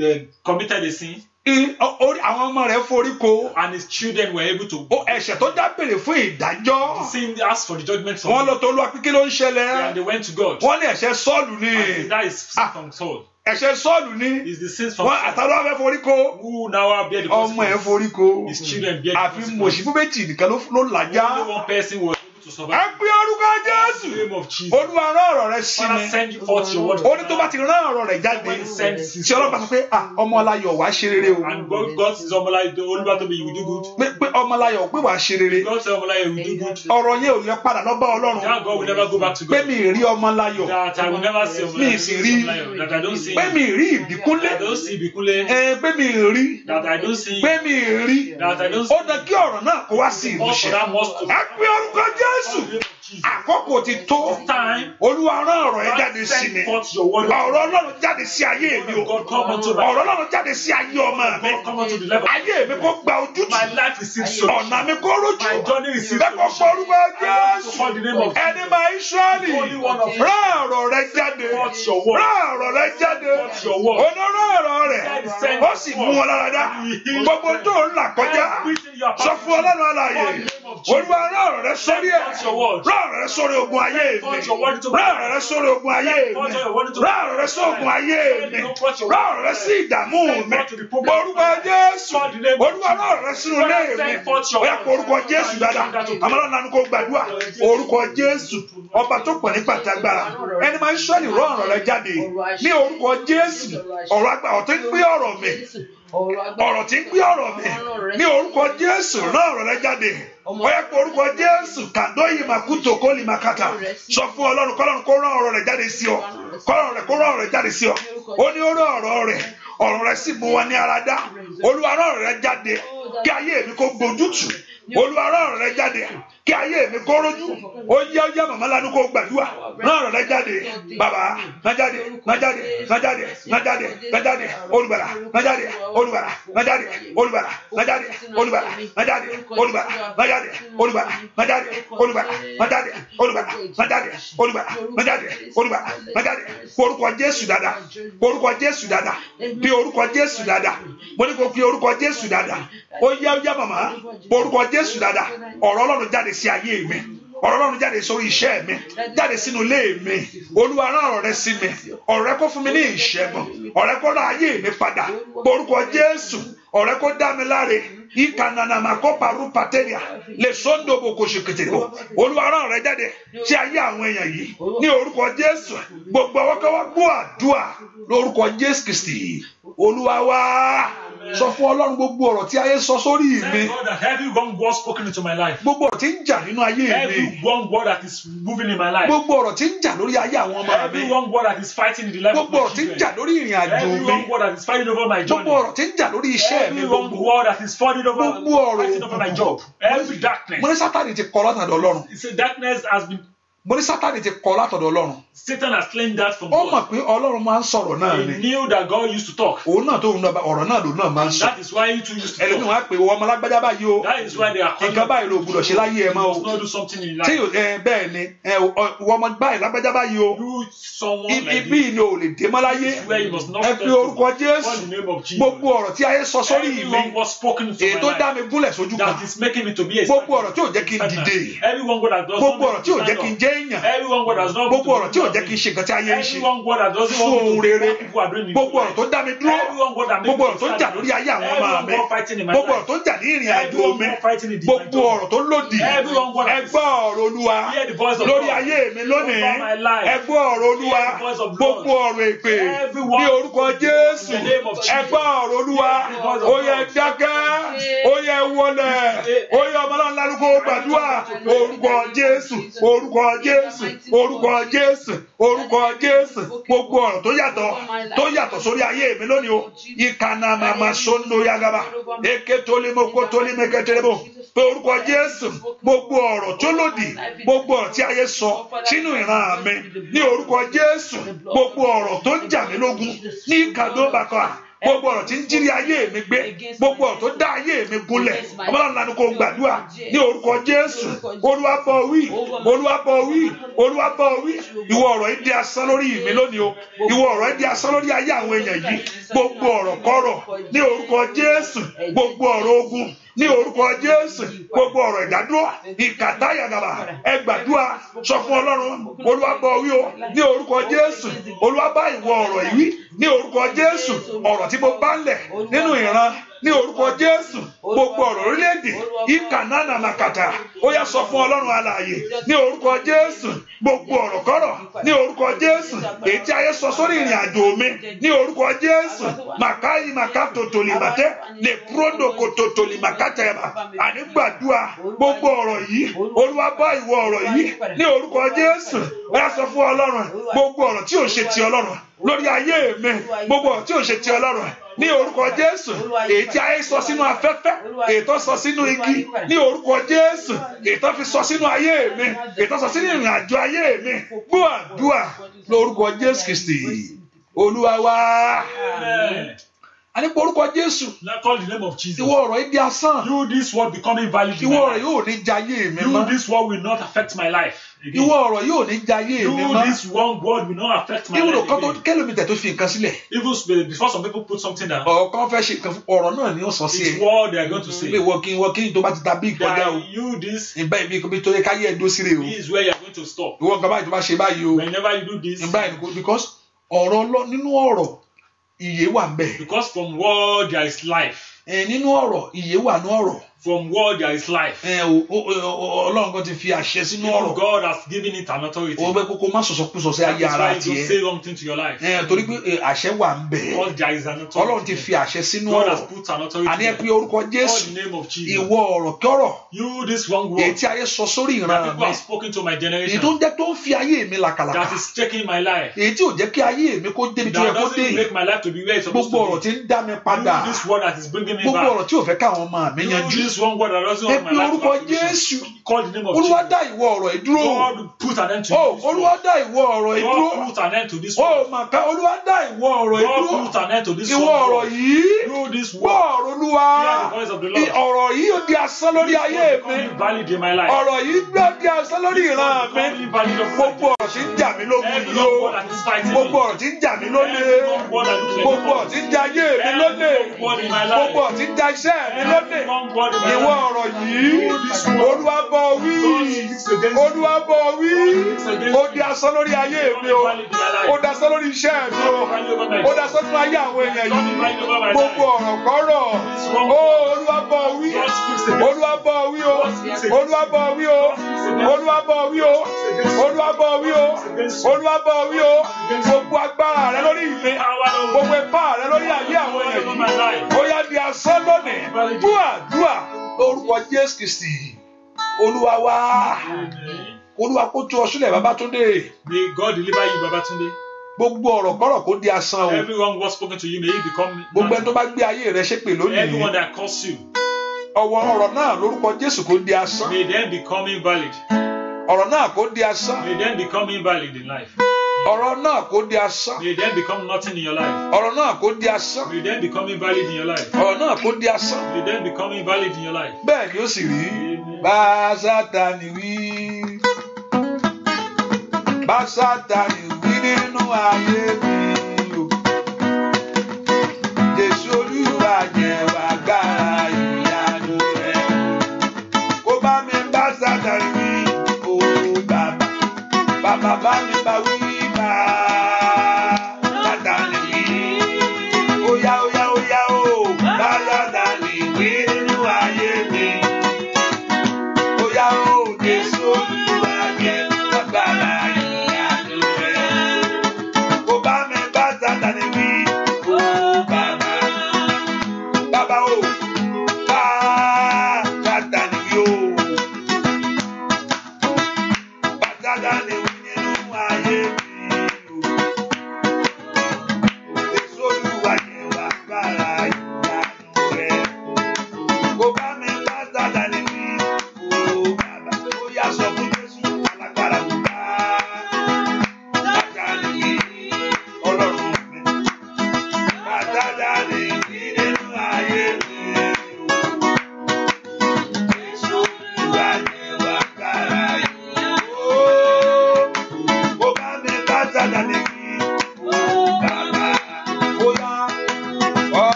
eh, committed a sin àwọn ọmọ rẹ̀ forí ko. and his children were able to. ó ẹ̀ṣẹ̀ tó dá béèrè fún ìdájọ́. the sin asked for the judgment from. wọ́n lọ tó Olúwa pé kí ló ń ṣẹlẹ̀. and they went to God. wọ́n ní ẹ̀ṣẹ̀ Sọ́ọ̀lù ni. and that is sin from Saul. ẹ̀ṣẹ̀ Sọ́ọ̀lù ni. is the sins from Saul. wọ́n àtàlọ́ fẹ́ forí ko. who now bear the consequence. ọmọ ẹ̀ forí ko. his children bear the consequence. àfi mọ̀síbú méjì nìkan ló làjá. only one person was à ń pín orúkọ Jésù Olúwa rán ọ̀rọ̀ rẹ sí mi ó ní tó bá ti rán ọ̀rọ̀ rẹ jáde tí ọlọ́pàá sọ pé ọmọláyọ̀ wàá ṣe rere o pé ọmọláyọ̀ pé wàá ṣe rere ọ̀rọ̀ yẹn ò lè padà lọ bá Ọlọ́run pé mi rí ọmọláyọ̀ mi sì rí pé mi rí ìbíkúnlé pé mi rí pé mi rí ó dẹ kí ọ̀rọ̀ náà kó wá sí ìmúṣẹ ẹ pé orúkọ Jésù jésù àkókò ti tó olúwa rán ọ̀rọ̀ yẹn jáde sí mi ọ̀rọ̀ ọlọ́run jáde sí ayé mi o ọ̀rọ̀ ọlọ́run jáde sí ayé ọmọ mi ayé mi kò gba ojútùú ọ̀nà mi kò rojú bẹ́ẹ̀ kọ́ orúkọ jésù ẹni máa israẹli rán ọ̀rọ̀ rẹ jáde rán ọ̀rọ̀ rẹ jáde onírọ̀ ọ̀rọ̀ rẹ ó sì mú wọn lára dá gbogbo tó ń là kọjá sọ fún ọlọ́run àlàyé olúwa rán ọ̀rọ̀ rẹ sórí ẹ̀ rán ọ̀rọ̀ rẹ sórí ogun ayé mi rán ọ̀rọ̀ rẹ sórí ogun ayé mi rán ọ̀rọ̀ rẹ sórí ogun ayé mi rán ọ̀rọ̀ rẹ sí ìdààmú mi orúkọ jésù olúwa rán ọ̀rọ̀ rẹ sínú ilé mi ọ̀yà kó orúkọ jésù dáadáa àmàlà nanu kó gbàdúrà orúkọ jésù ọba tó pọ̀ ní pàtàgbára ẹni máa ń sọ́ọ̀lì rán ọ̀rọ̀ rẹ jáde ní orúkọ jésù ọ̀rọ̀ àgbà ọ̀tẹ́ pé ọ̀rọ̀ mi ọ̀rọ̀ tí ń gbé ọ̀rọ̀ mi ní orúkọ Jésù rán ọ̀rọ̀ rẹ jáde wọ́n yẹ kó orúkọ Jésù kàdó yìí máa kú tó kó lè máa kàtà sọ fún Ọlọ́run kọ́lọ́run kó rán ọ̀rọ̀ rẹ jáde sí ọ kọ́lọ́run rẹ kó rán ọ̀rọ̀ rẹ jáde sí ọ ó ní ó rán ọ̀rọ̀ rẹ ọ̀rọ̀ rẹ sì mú wọn ní ara dá Olúwa rán ọ̀rọ̀ rẹ jáde kí ayé mi kó gbójútù olúwa rán ọ̀rọ̀ rẹ jáde kí ayé mi kó rójú ó yá ó yá màmá lanu kó gbàdúrà rán ọ̀rọ̀ rẹ jáde bàbá rán jáde rán jáde rán jáde rán jáde rán jáde olùgbàlà rán jáde olùgbàlà rán jáde olùgbàlà rán jáde olùgbàlà rán jáde olùgbàlà rán jáde olùgbàlà rán jáde olùgbàlà rán jáde olùgbàlà rán jáde olùgbàlà rán jáde olùgbàlà rán jáde orúkọ jésù dada orúkọ jésù dada bí orúkọ jésù dada mo ní kò fi orúkọ jésù dada ó yá ó yá màmá orúkọ jésù dáadáa ọ̀rọ̀ ọlọ́run jáde sí ayé mi ọ̀rọ̀ ọlọ́run jáde sórí iṣẹ́ mi jáde sínú ilé mi olúwa rán ọ̀rọ̀ rẹ sí mi ọ̀rọ̀ kó fún mi ní ìṣẹ́gun ọ̀rọ̀ kó rán ayé mi padà orúkọ jésù ọ̀rọ̀ kó dá mi láre ìkànnà màkópa rúpàtẹ́rìà lè sọ́ńdò bò kò ṣèkìtì bò olúwa rán ọ̀rọ̀ jáde sí ayé àwọn èèyàn yìí ní orúkọ jésù gbogbo ọwọ́kọ́wọ́ gbọ́ àdúrà lórúkọ jésù kristi olúwa wá sọ fún ọlọ́run gbogbo ọ̀rọ̀ tí ayé sọ sórí mi. thank God that every wrong word spoken into my life. gbogbo ọ̀rọ̀ tí ń jà nínú ayé mi. every wrong word that is moving in my life. gbogbo ọ̀rọ̀ tí ń jà lórí ayé àwọn ọmọ mi. every wrong word that is fighting in the life of my children. gbogbo ọ̀rọ̀ tí ń jà lórí ìrìn àjò mi. every wrong word that is fighting over my journey. gbogbo ọ̀rọ̀ tí ń jà lórí iṣẹ́ mi. every wrong word that is fighting over my job. every darkness. mo ní sátani ti kọ́ lọ́tàn mo ní sátani ti kọ́ látọ̀dọ̀ ọlọ́run. Satan has claimed that from God. ó mọ̀ pé ọlọ́run máa ń sọ̀rọ̀ náà ni. he knew that God used to talk. òun náà tó ń lọ ọ̀rọ̀ náà lòun náà máa ń sọ. that is why he too used to talk. ẹlẹ́nu wa pé ọmọ alágbájá báyìí o. that is why they are calling. nǹkan báyìí ló gbúdọ̀ ṣe láyé ẹ mọ́ o. you must not do something in life. tí o ẹ bẹ́ẹ̀ ni ẹ ọmọ báyìí lágbájá báyìí o. you someone like this. ibi ni o lè dé mọ́ láyé. ẹ fi orúkọ Jésù gbogbo ọ̀rọ̀ tí ayé sọ sórí mi ètò dá mi gúnlẹ̀ sójú kan gbogbo ọ̀rọ̀ tí ò jẹ́ kí n dìde gbogbo ọ̀rọ̀ tí ò jẹ́ kí n jẹ́ èèyàn gbogbo ọ̀rọ̀ tí ò jẹ́ kí n ṣe nǹkan tí ayé ń ṣe fún ohun rere gbogbo ọ̀rọ̀ tó dá mi dúró gbogbo ọ̀rọ̀ tó jà lórí ayé àwọn ọmọ mi gbogbo ọ̀rọ̀ tó jà ní ìrìn àjò mi gbogbo ọ̀rọ̀ tó lòdì ẹgbọ́ ọ̀rọ̀ olúwa lórí ayé mi lónìí ẹgbọ́ ọ̀rọ̀ olúwa gbogbo ọ̀rọ̀ èpè ní orúkọ Jésù ẹgbọ́ ọ̀rọ̀ olúwa ó yẹ dákẹ́ ó yẹ wọlẹ̀ ó yẹ ọmọláńlá lórúkọ gbàdúrà orúkọ Jésù orúkọ Jésù orúkọ Jésù orúkọ Jésù gbogbo ọ̀rọ̀ tó yàtọ̀ tó yàtọ̀ sórí ayé mi lónìí o ìkànnà màmá sọ́nù yagaba èké tolémokó tolémekẹtẹlẹmọ pé orúkọ Jésù gbogbo ọ̀rọ̀ tó lòdì gbogbo ọ̀rọ̀ tí ayé sọ sínú ìran mi ní orúkọ Jésù gbogbo ọ̀rọ̀ tó ń jà mí lógun ní kàdó bàkọ́ gbogbo ọ̀rọ̀ tí ń jírí ayé mi gbé gbogbo ọ̀rọ̀ tó dá ayé mi gúnlẹ̀ ọmọláńlá ni kò gbàdúrà ní orúkọ Jésù olúwàbọ̀ wí olúwàbọ̀ wí olúwàbọ̀ wí ìwọ ọ̀rọ̀ yìí di asán lórí mi lónìí o ìwọ ọ̀rọ̀ yìí di asán lórí ayé àwọn èèyàn yìí gbogbo ọ̀rọ̀ kọ̀rọ̀ ní orúkọ Jésù gbogbo ọ̀rọ̀ ogun ní orúkọ jésù gbogbo ọ̀rọ̀ ìdádúrà ìkàtàyàgàbà ẹgbàdúà sọ fún ọlọ́run olúwàgbọ́ wí o ní orúkọ jésù olúwàbá ìwọ ọ̀rọ̀ ìwí ní orúkọ jésù ọ̀rọ̀ tí mo bá ń lẹ̀ nínú ìran ní orúkọ jésù gbogbo ọ̀rọ̀ orílẹ̀-èdè ìkànnà nàkàtà ó yá sọ fún ọlọ́run alààyè ní orúkọ jésù gbogbo ọ̀rọ̀ kọ́rọ̀ ní orúkọ jésù èyí tí ayé sọ sórí ìrìn àjò mi ní orúkọ jésù màkàyí màkà tòtòlìmàtẹ́ lè púródòkò tòtòlìmàkàtẹ́yàmà àní gbàdúrà gbogbo ọ̀rọ̀ yìí olúwa bá ìwọ ọ̀rọ̀ yìí ní orúkọ jésù ó yá sọ fún ọlọ́run gbogbo ọ̀rọ̀ tí ò ṣe ti ọlọ́run lórí ayé mi gbogbo ọ̀tí òṣè ti ọlọ́run ní orúkọ jésù èyí tí ayé sọ sínú afẹ́fẹ́ èyí tó sọ sínú igi ní orúkọ jésù èyí tó fi sọ sínú ayé mi èyí tó sọ sínú ìrìn àjò ayé mi gbọ́ àdúrà lórúkọ jésù kristi olúwa wa. Amen a ní orúkọ jésù. na call the name of jesus. ìwọ ọ̀rọ̀ yìí asán. you this word become invalid. ìwọ ọ̀rọ̀ yìí ní jayé mi mọ́. you this word will not affect my life. ìwọ ọ̀rọ̀ yìí ní jayé mi mọ́. you this one word will not affect my life. ìwúlò kan tó kẹlòmí tẹ̀ tó fi nǹkan sílẹ̀. even eh, before some people put something down. ọ̀kan fẹ́ ṣe nǹkan ọ̀rọ̀ náà ni ó sọ sí i. it's word they are going to say. ilé wọkí wọkí tó bá ti ta bí ìkọjá o. you this. ìbá ìbí kò bí tó yẹ káyé ẹ̀dó sílẹ̀ o. this is where you are going to stop. whenever you do this. ìbá ìbí because ọ̀rọ̀ nínú ọ̀rọ̀ Ìyè wà ńbẹ̀. Because from word there is life. Ẹ nínú ọ̀rọ̀ Iye wà nú ọ̀rọ̀ from word there is life. ẹ eh, o o Ọlọ́run kan ti fi àṣẹ sínú ọ̀rọ̀. God has given it an authority. o bẹ kókó má sọsọ kú sọsẹ ayé ara tiẹ. that is why you say wrong thing to your life. ẹ eh, torí pé eh, àṣẹ wà ń bẹ. God there is an authority. Ọlọ́run ti fi àṣẹ sínú ọ̀rọ̀. God has put an authority. àní ẹ pé orúkọ Jésù. God the name of Jesus. ìwọ ọ̀rọ̀ kọrọ. you this wrong word. ètí ayé sọ sórí ìran mi. that people have spoken to my generation. ètò ń jẹ́ tó ń fi ayé mi làkàlàkà. that is taking my life. èyí tí ò jẹ́ kí ayé mi kó débi tó kó dé yìí. that doesn't make my life to be where it's supposed to be. gbogbo ọ̀rọ̀ this word that is bringing me back. gbogbo ọ̀rọ̀ tí ò Jésù wọn gbọ́dọ̀ lọ sí ọmọ ìlànà. Ẹ Call the name of Jesus. Olúwa dá ìwọ ọ̀rọ̀ yìí dúró. God put an end to oh, this. Olúwa dá ìwọ ọ̀rọ̀ yìí dúró. God put an end to this. O oh, màkà Olúwa dá ìwọ ọ̀rọ̀ yìí dúró. God put an end to this. Ìwọ ọ̀rọ̀ yìí. Through this word. Gbọ́ ọ̀rọ̀ Olúwa. Hear the voice of the Lord. Ọ̀rọ̀ yìí ó di asán lórí ayé mi. Ọ̀rọ̀ yìí gbọ́ di asán lórí ìran mi. Gbogbo ọ̀rọ̀ tí ń jà mí lógun yìí o. Gbogbo ọ̀rọ̀ tí ń jà mí lóde. Gbogbo ọ̀rọ̀ tí ń jà ayé mi lóde. Gbogbo ọ̀rọ̀ tí ń jà iṣẹ́ mi lóde ìwọ ọ̀rọ̀ yìí olúwa bọ̀ wí olúwa bọ̀ wí ó di asán lórí ayé mi o ó di asán lórí iṣẹ́ mi o ó di asán lórí ayé àwọn èèyàn yìí gbogbo ọ̀rọ̀ kọ́rọ̀ ó olúwa bọ̀ wí olúwa bọ̀ wí o olúwa bọ̀ wí o olúwa bọ̀ wí o olúwa bọ̀ wí o olúwa bọ̀ wí o gbogbo agbára rẹ lórí ìlé gbogbo ipá rẹ lórí ayé àwọn èèyàn yìí ó yá di asán lónìí dúà dúà lórúkọ Jésù Kristi olúwa wá olúwa kó tú ọ sílẹ̀ Babátúndé. May God deliver you Babatunde gbogbo ọ̀rọ̀ kọ́rọ̀ kó di asán o. everyone was spoken to you may you become. gbogbo ẹni tó bá gbé ayé rẹ ṣépè lónìí. everyone that calls you. ọ̀wọ́ ọ̀rọ̀ náà lórúkọ Jésù kó di asán. may them become invalid. ọ̀rọ̀ náà kó di asán. may them become invalid in life ọ̀rọ̀ náà kò di asán. may then become nothing in your life. ọ̀rọ̀ náà kò di asán. may then become invalid in your life. ọ̀rọ̀ náà kò di asán. may then become invalid in your life. bẹ́ẹ̀ ni ó sì rí. bá Sátánì wí. bá Sátánì wí nínú ayé mi Jésù Olúwa jẹ́ wàá ìyanu rẹ̀. kó bá mi bá Sátánì.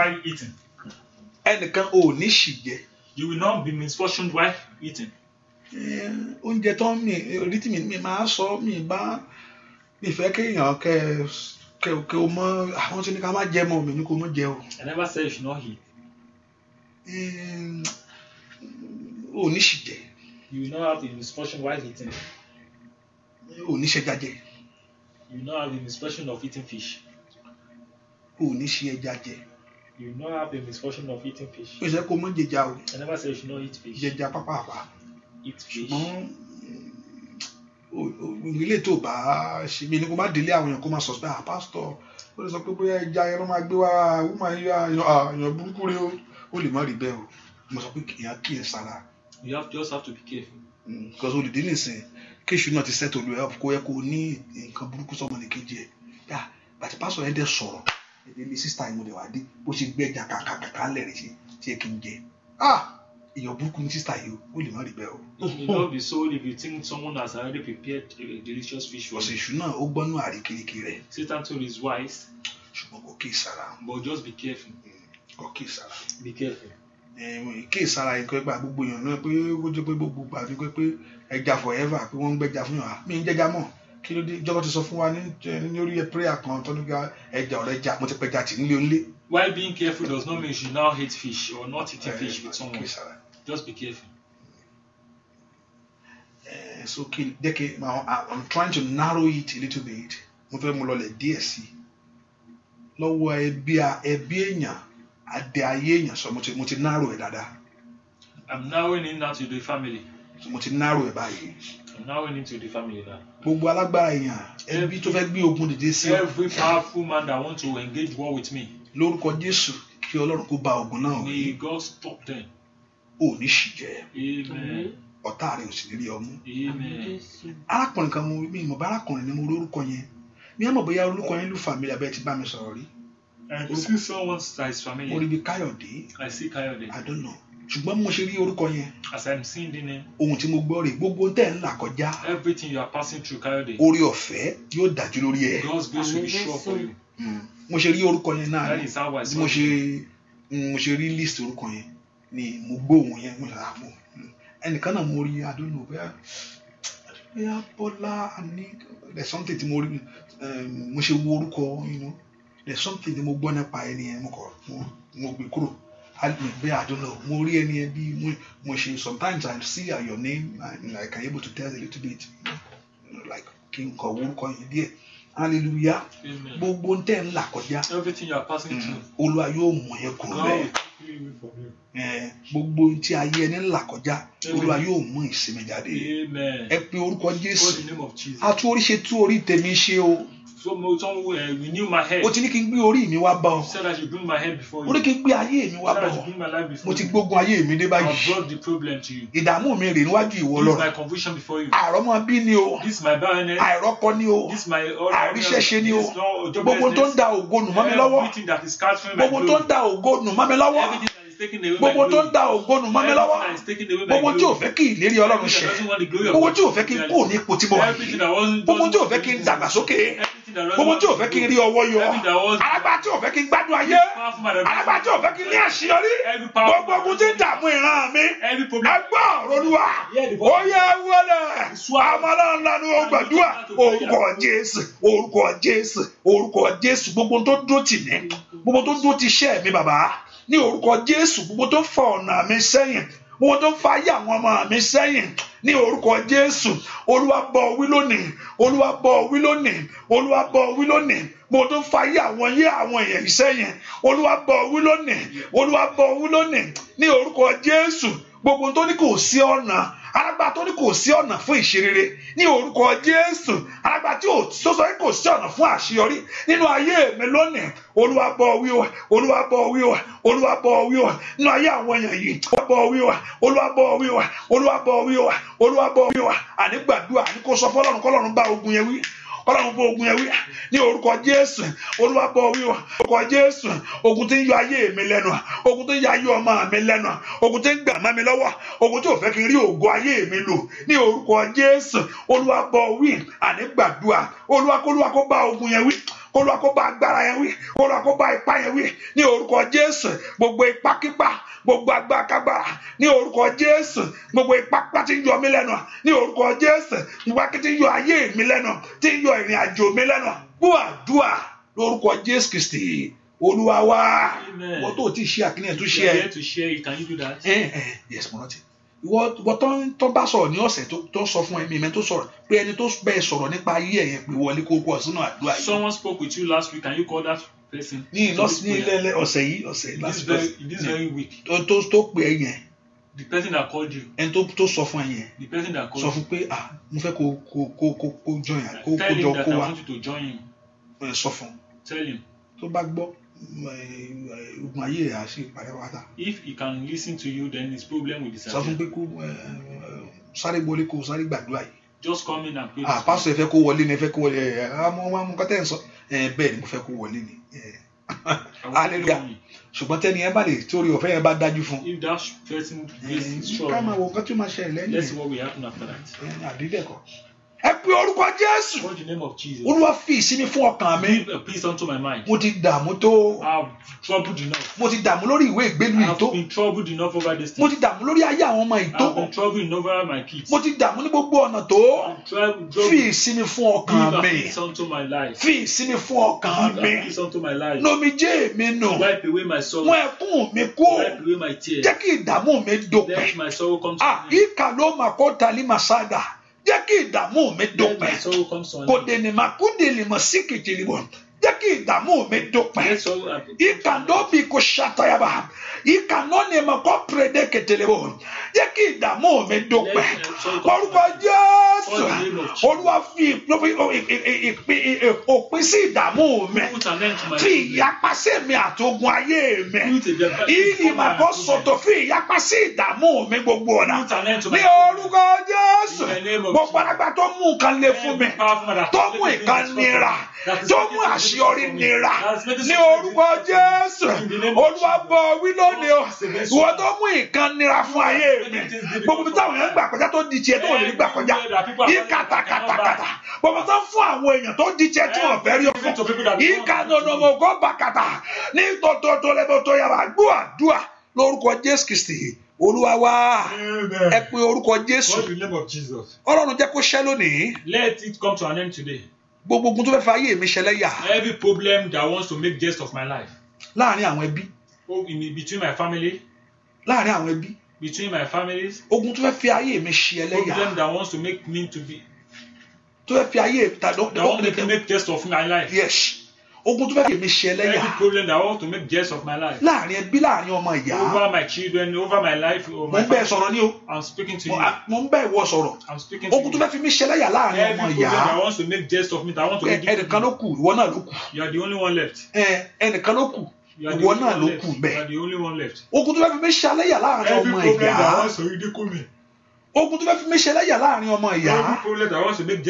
while eating. ẹnìkan ò ní ṣì jẹ. you will not be misfortuned while eating. Eh, oúnjẹ tó ń mi orí mi máa sọ mi bá mi kéèyàn kẹ́ kẹ́ kẹ́ o mọ àwọn tí ní ká má jẹ mọ́ mi ní kó mọ́ jẹ o. I never said you should not eat. o eh, ní ṣì jẹ. you will not have the misfortune while eating. o ní ṣe jajẹ. you will not have the misfortune of eating fish. o ní ṣe ẹja you not have the misfortune of eating fish. o ṣe kó mọ jẹjà o. I never say you should not eat fish. jẹjà pápápá. eat fish. ṣùgbọ́n eh, ilé tó bá ṣe mí ni kó má délé àwọn èèyàn kó má sọ pé ah pastor ó lè sọ pé bóyá ẹja ẹran máa gbé wá wúmọ ah, ah, èèyàn burúkú rẹ ó lè má rí bẹ́ẹ̀ o mo sọ pé èèyàn kí ẹ sára. you have just have to be careful. because mm, olùdí nìsín kéṣù náà ti sẹ́tò olú ẹ̀ kó yẹ kó ní nǹkan burúkú sọmọ nìkejì ẹ̀ yá bàtí pásọ̀ ẹ̀ dẹ̀ sọ̀rọ̀ ilé sísá yìí mo lè wá dé bó ṣe gbé ẹja kàkàkàkà ńlẹ̀ rẹ̀ ṣe kí n jẹ ah burúkú ní sísá yìí ó lè má rí bẹ́ẹ̀ o. it may not be so if you think someone has already prepared a delicious fish for you. ọ̀sẹ̀ ìṣúná ó gbọ́nú àríkèrèkè rẹ̀. Satan told his wife. ṣùgbọ́n kò kíì sára. but just be careful. Mm, kò kíì sára. be careful. kíì sára yìí pé gbogbo èèyàn náà pé ó jẹ́ pé gbogbo àfi pé ẹja forever pé wọ́n ń gbẹ́ja fún yàn á ah, mi ń jẹ́ja mọ́ kí ló dé ìjọba ti sọ fún wa ní orí prayer kan tó ní ká ẹja ọ̀rẹ́ jà mo ti pẹja tì nílé onílé. while being careful does not mean you should now hate fish or not eat fish with someone just be careful. Uh, so kí jẹ́ kí i'm trying to narrow it a little bit mo fẹ́ mo lọlẹ̀ díẹ̀ sí i lọ́wọ́ ẹbí ẹbí èèyàn adé ayé èèyàn sọ mo ti mo ti narrow ẹ̀ dáadáa. i'm narrowing it now to the family. so mo ti narrow ẹ̀ báyìí now we need to the family now. gbogbo alágbára èèyàn ẹbí tó fẹ́ gbé ogun dìde sí. every powerful man that want to engage war with me. lórúkọ jésù kí ọlọ́run kó ba ogun náà. may God stop them. ò ní ṣì jẹ. amen. ọ̀tá rẹ̀ ò sì ní rí ọmú. amen. arákùnrin kan mo mi ìmọ̀ bá arákùnrin ni mo lórúkọ yẹn mi á mọ̀ bóyá orúkọ yẹn lù family abẹ́ ti bá mi sọ̀rọ̀ rí. I see someone's that is mo rí bí Káyọ̀dé. I see Káyọ̀dé. I don't know ṣùgbọ́n mo ṣe rí orúkọ yẹn. as i'm seeing the name. ohun tí mo gbọ́ rè gbogbo tẹ̀ ń là kọjá. everything you are passing through Kayode. orí ọ̀fẹ́ yóò dájú lórí ẹ. God's grace will be sure for you. mo ṣe rí orúkọ yẹn náà ni mo ṣe mo ṣe rí list orúkọ yẹn ni mo gbọ́ ohun yẹn mo yàrá mo ẹnìkan náà mo rí adúlù bẹ́ẹ̀ bóyá Bọ́lá àní there's something tí mo rí um, mo ṣe wo orúkọ you know there's something tí mo gbọ́ nípa ẹni yẹn mo kọ̀ mo gbé kúrò maybe I don't know Mori any Moshe. Sometimes I see uh, your name and like I'm able to tell a little bit, like King Kowun Koyidie. Hallelujah. Gbogbo n tẹ́ ń là kọjá. Everything you are passing mm. through. Olúwa yóò mọ̀ yẹn kúrò bẹ́ẹ̀ gbogbo tí ayé ẹni là kọjá olúwa yóò mú ìsinmi jáde ẹ pe orúkọ jésù àti orí ṣe tú orí tèmi ṣe o. So mo tún uh, renew my head. O ti ní kí n gbé orí mi wá bá ọ. Said I should bring my head before you. O ní kí n gbé ayé mi wá bá ọ. Said I should bring my life before you. Mo ti gbógun ayé mi dé báyìí. I brought the problem to you. Ìdààmú mi rè níwájú ìwọ lọ. This is my confusion before you. Àrọ́mọ bí ni o. This is my barrenness. Àìrọ́kọ ni o. This is my order. Àríṣẹ́ṣe ni o. This is no joblessness. Gbogbo tó ń da ògo nù mọ́ mi lọ́wọ́. Everything that is scattering Gbogbo tó ń da ògo nù mọ́ mi lọ́wọ́ gbogbo tó ń da ògbónú mọ́ mi lọ́wọ́ gbogbo tí ò fẹ́ kí ìlérí ọlọ́run ṣe gbogbo tí ò fẹ́ kí n kú ní ipò tí mo wà yìí gbogbo tí ò fẹ́ kí n dàgbàsókè gbogbo tí ò fẹ́ kí n rí ọwọ́ yọ alágbá tí ò fẹ́ kí n gbádùn àyè alágbá tí ò fẹ́ kí n ní àṣeyọrí gbogbo ogun tí ń dààmú ìran mi ẹgbẹ́ òròlúwa ó yẹ wọlé amọ̀lánlanu ògbàdúrà orúkọ jésù orúkọ jésù orúkọ jésù gbogbo tó dúró tì mí gbogbo tó dúró ti ṣẹ́ mi bàbá ní orúkọ jésù gbogbo tó fa ọ̀nà mi sẹ́yìn gbogbo tó fa ayé àwọn ọmọ mi sẹ́yìn ní orúkọ jésù olúwa bọ̀ wí lónìí olúwa bọ̀ wí lónìí olúwa bọ̀ wí lónìí mo tó fayé àwọn yé àwọn èèyàn sẹ́yìn olúwa wí lónìí olúwa wí lónìí ní orúkọ jésù gbogbo tó ní kò sí ọ̀nà alágbára tó ní kò sí ọ̀nà fún ìṣerere ní orúkọ jésù alágbára tí ó sọ pé kò sí ọ̀nà fún àṣeyọrí nínú ayé mi lónìí olúwa bọ̀ wí o olúwa bọ̀ wí o olúwa nínú ayé àwọn èèyàn yìí olúwa bọ̀ wí o olúwa bọ̀ wí o àní gbàdúrà àní kó sọ fọlọ́run kọ́lọ́run bá ogun yẹn wí ọlọ́run bó ogun ẹwí ní orúkọ jésù olúwa bọ̀ wíwá orúkọ jésù ogun tí ń yọ ayé mi lẹ́nu ogun tí ń yọ ayé ọmọ mi lẹ́nu ogun tí ń gbà má mi lọ́wọ́ ogun tí ò fẹ́ kí n rí ògo ayé mi lò ní orúkọ jésù olúwa bọ̀ wí àní gbàdúrà olúwa kólúwa kó bá ogun yẹn wí kólúwa bá agbára yẹn wí kólúwa bá ipá yẹn wí ní orúkọ jésù gbogbo ipá gbogbo agbákágbára ní orúkọ jésù gbogbo ipápá tí ń yọ mí lẹ́nu ní orúkọ jésù gbogbo akí tí ń yọ ayé mi lẹ́nu tí ń yọ ìrìn àjò mi lẹ́nu gbọ́ àdúà lórúkọ jésù kristi olúwa wa wọ́n tó ti ṣe àkíní ẹ̀ tó ṣe ẹ̀ ìwọ tó bá sọ̀rọ̀ ní ọ̀sẹ̀ tó sọ fún ẹ̀mí mẹ́ tó sọ̀rọ̀ pé ẹni tó bẹ́ẹ̀ sọ̀rọ̀ nípa ayé ẹ̀yẹn pé wọlé kókó ọ̀sán náà àdúrà yìí. someone spoke with you last week and you called that ní ìlọsí ilé ọ̀sẹ̀ yìí ọ̀sẹ̀ lásìkò tó tó pè é yẹn the person that called you. ẹni tó tó sọ fún ẹ yẹn. the person that called you. sọ fún pé ah mo fẹ́ kó kó kó kó kó join kó kó jọ kó wa. tell him that I want you to join him. sọ fún. tell him. tó bá gbọ́ ogun ayé rẹ̀ á sì parẹ́ if he can listen to you then his problem will disappear. sọ fún pé kó sáré wọlé kó sáré gbàdúrà yìí. just come in and pray. ah pastor ẹ fẹ́ kó wọlé ẹ fẹ́ kó wọlé ẹ ẹ amú amú kọ́tẹ́ ń sọ. So bẹ́ẹ̀ ni mo fẹ́ kó wọlé ni hallelujah ṣùgbọ́n tẹ́ni yẹn bá lè torí ọ̀fẹ́ yẹn bá dájú fún. if that person is strong. ká let's see what will happen after that ẹ pe orúkọ jésù. call the name of jesus. olúwa fi ìsinmi fún ọkàn mi. give a peace unto my mind. mo ti dààmú tó. i have troubled enough. mo ti dààmú lórí ìwé ìgbénu ìtó. i have been troubled enough over this thing. mo ti dààmú lórí ayé àwọn ọmọ ìtó. i have been troubled enough over my kids. mo ti dààmú ní gbogbo ọ̀nà tó. fi ìsinmi fún ọkàn mi. give a peace unto my life. fi ìsinmi fún ọkàn mi. give a peace unto my life. lomijé mi nù. wipe away my sorrow. mú ẹkún mi kú. wipe away my tears. jẹ́ kí ìdààmú mi dópin. let my sorrow come to me. ah ìkà ló mà kó talí jẹ́ kí ìdààmú mi dópin kò dènìmọ̀ kúndìlìmọ̀ sí kìtìlìmọ̀ jẹ́ kí ìdààmú mi dópin ìkàndóbi kò ṣàtọyàbà ìkànnọ́nìmọ̀ kọ́ pèrèdè kẹtẹlẹ́wò jẹ́ kí ìdààmú mi dópin orúkọ Jésù Olúwa fi òpin sí ìdààmú mi fi ìyapa sí mi àtogun ayé mi ìyìnbà kọ́ sọ̀tọ̀ fi ìyapa sí ìdààmú mi gbogbo ọ̀nà ní orúkọ Jésù gbogbo alágbá tó mú nǹkan lé fún mi tó mú nǹkan nira tó mú àṣẹ ṣe orí nira ní orúkọ Jésù Olúwa bọ̀ wí lónìí o ìwọ tó mú nǹkan nira fún ayé mi gbogbo táwọn èèyàn gbà kọjá tó di tiẹ̀ tó wọ́n lè gbà kọjá yí kàtàkàtàkàtà gbogbo tó fún àwọn èèyàn tó di tiẹ̀ tí wọ́n fẹ́ rí ọkọ̀ yí kànọ́nọ́mọ́gọ́ bàkàtà ní tòótọ́ tó lẹ́bọ̀ tó yàrá gbọ́ àdúrà lórúkọ Jésù Kristi olúwa wá ẹ pé orúkọ jésù ọlọ́run jẹ́ kó ṣẹ́ lónìí. let it come to an end today gbogbo ogun tó fẹ́ fa ayé mi ṣẹlẹ́yà. every problem that wants to make jest of my life. láàárín àwọn ẹbí. oh in between my family. láàárín àwọn ẹbí. between my families. ogun tó fẹ́ fi ayé mi ṣe ẹlẹ́yà. problem that wants to make me to be. tó fẹ́ fi ayé that wants to make jest of my life. yes ogun tó fẹ́ kí èmi ṣe ẹlẹ́yà. every problem that I want to make jest of my life. láàrin ẹbí láàrin ọmọ ìyá. over my children over my life. mo ń bẹ́ẹ̀ sọ̀rọ̀ ní o. I'm speaking to you. mo ń bẹ́ẹ̀ wọ sọ̀rọ̀. I'm speaking to you. ogun tó fẹ́ fi mí ṣe ẹlẹ́yà láàrin ọmọ ìyá. every problem that I want to make jest of me that I want to make. ẹnìkan ló kù ìwọ náà ló kù. you are the only one left. ẹnìkan ló kù ìwọ náà ló kù bẹ́ẹ̀. ogun tó fẹ́ fi mí ṣe ẹlẹ́yà láàrin ọmọ ìyá. every problem that I want to ridicule me ogun tó fẹ́ fi mí ṣe lẹ́yà láàrin ọmọ ìyá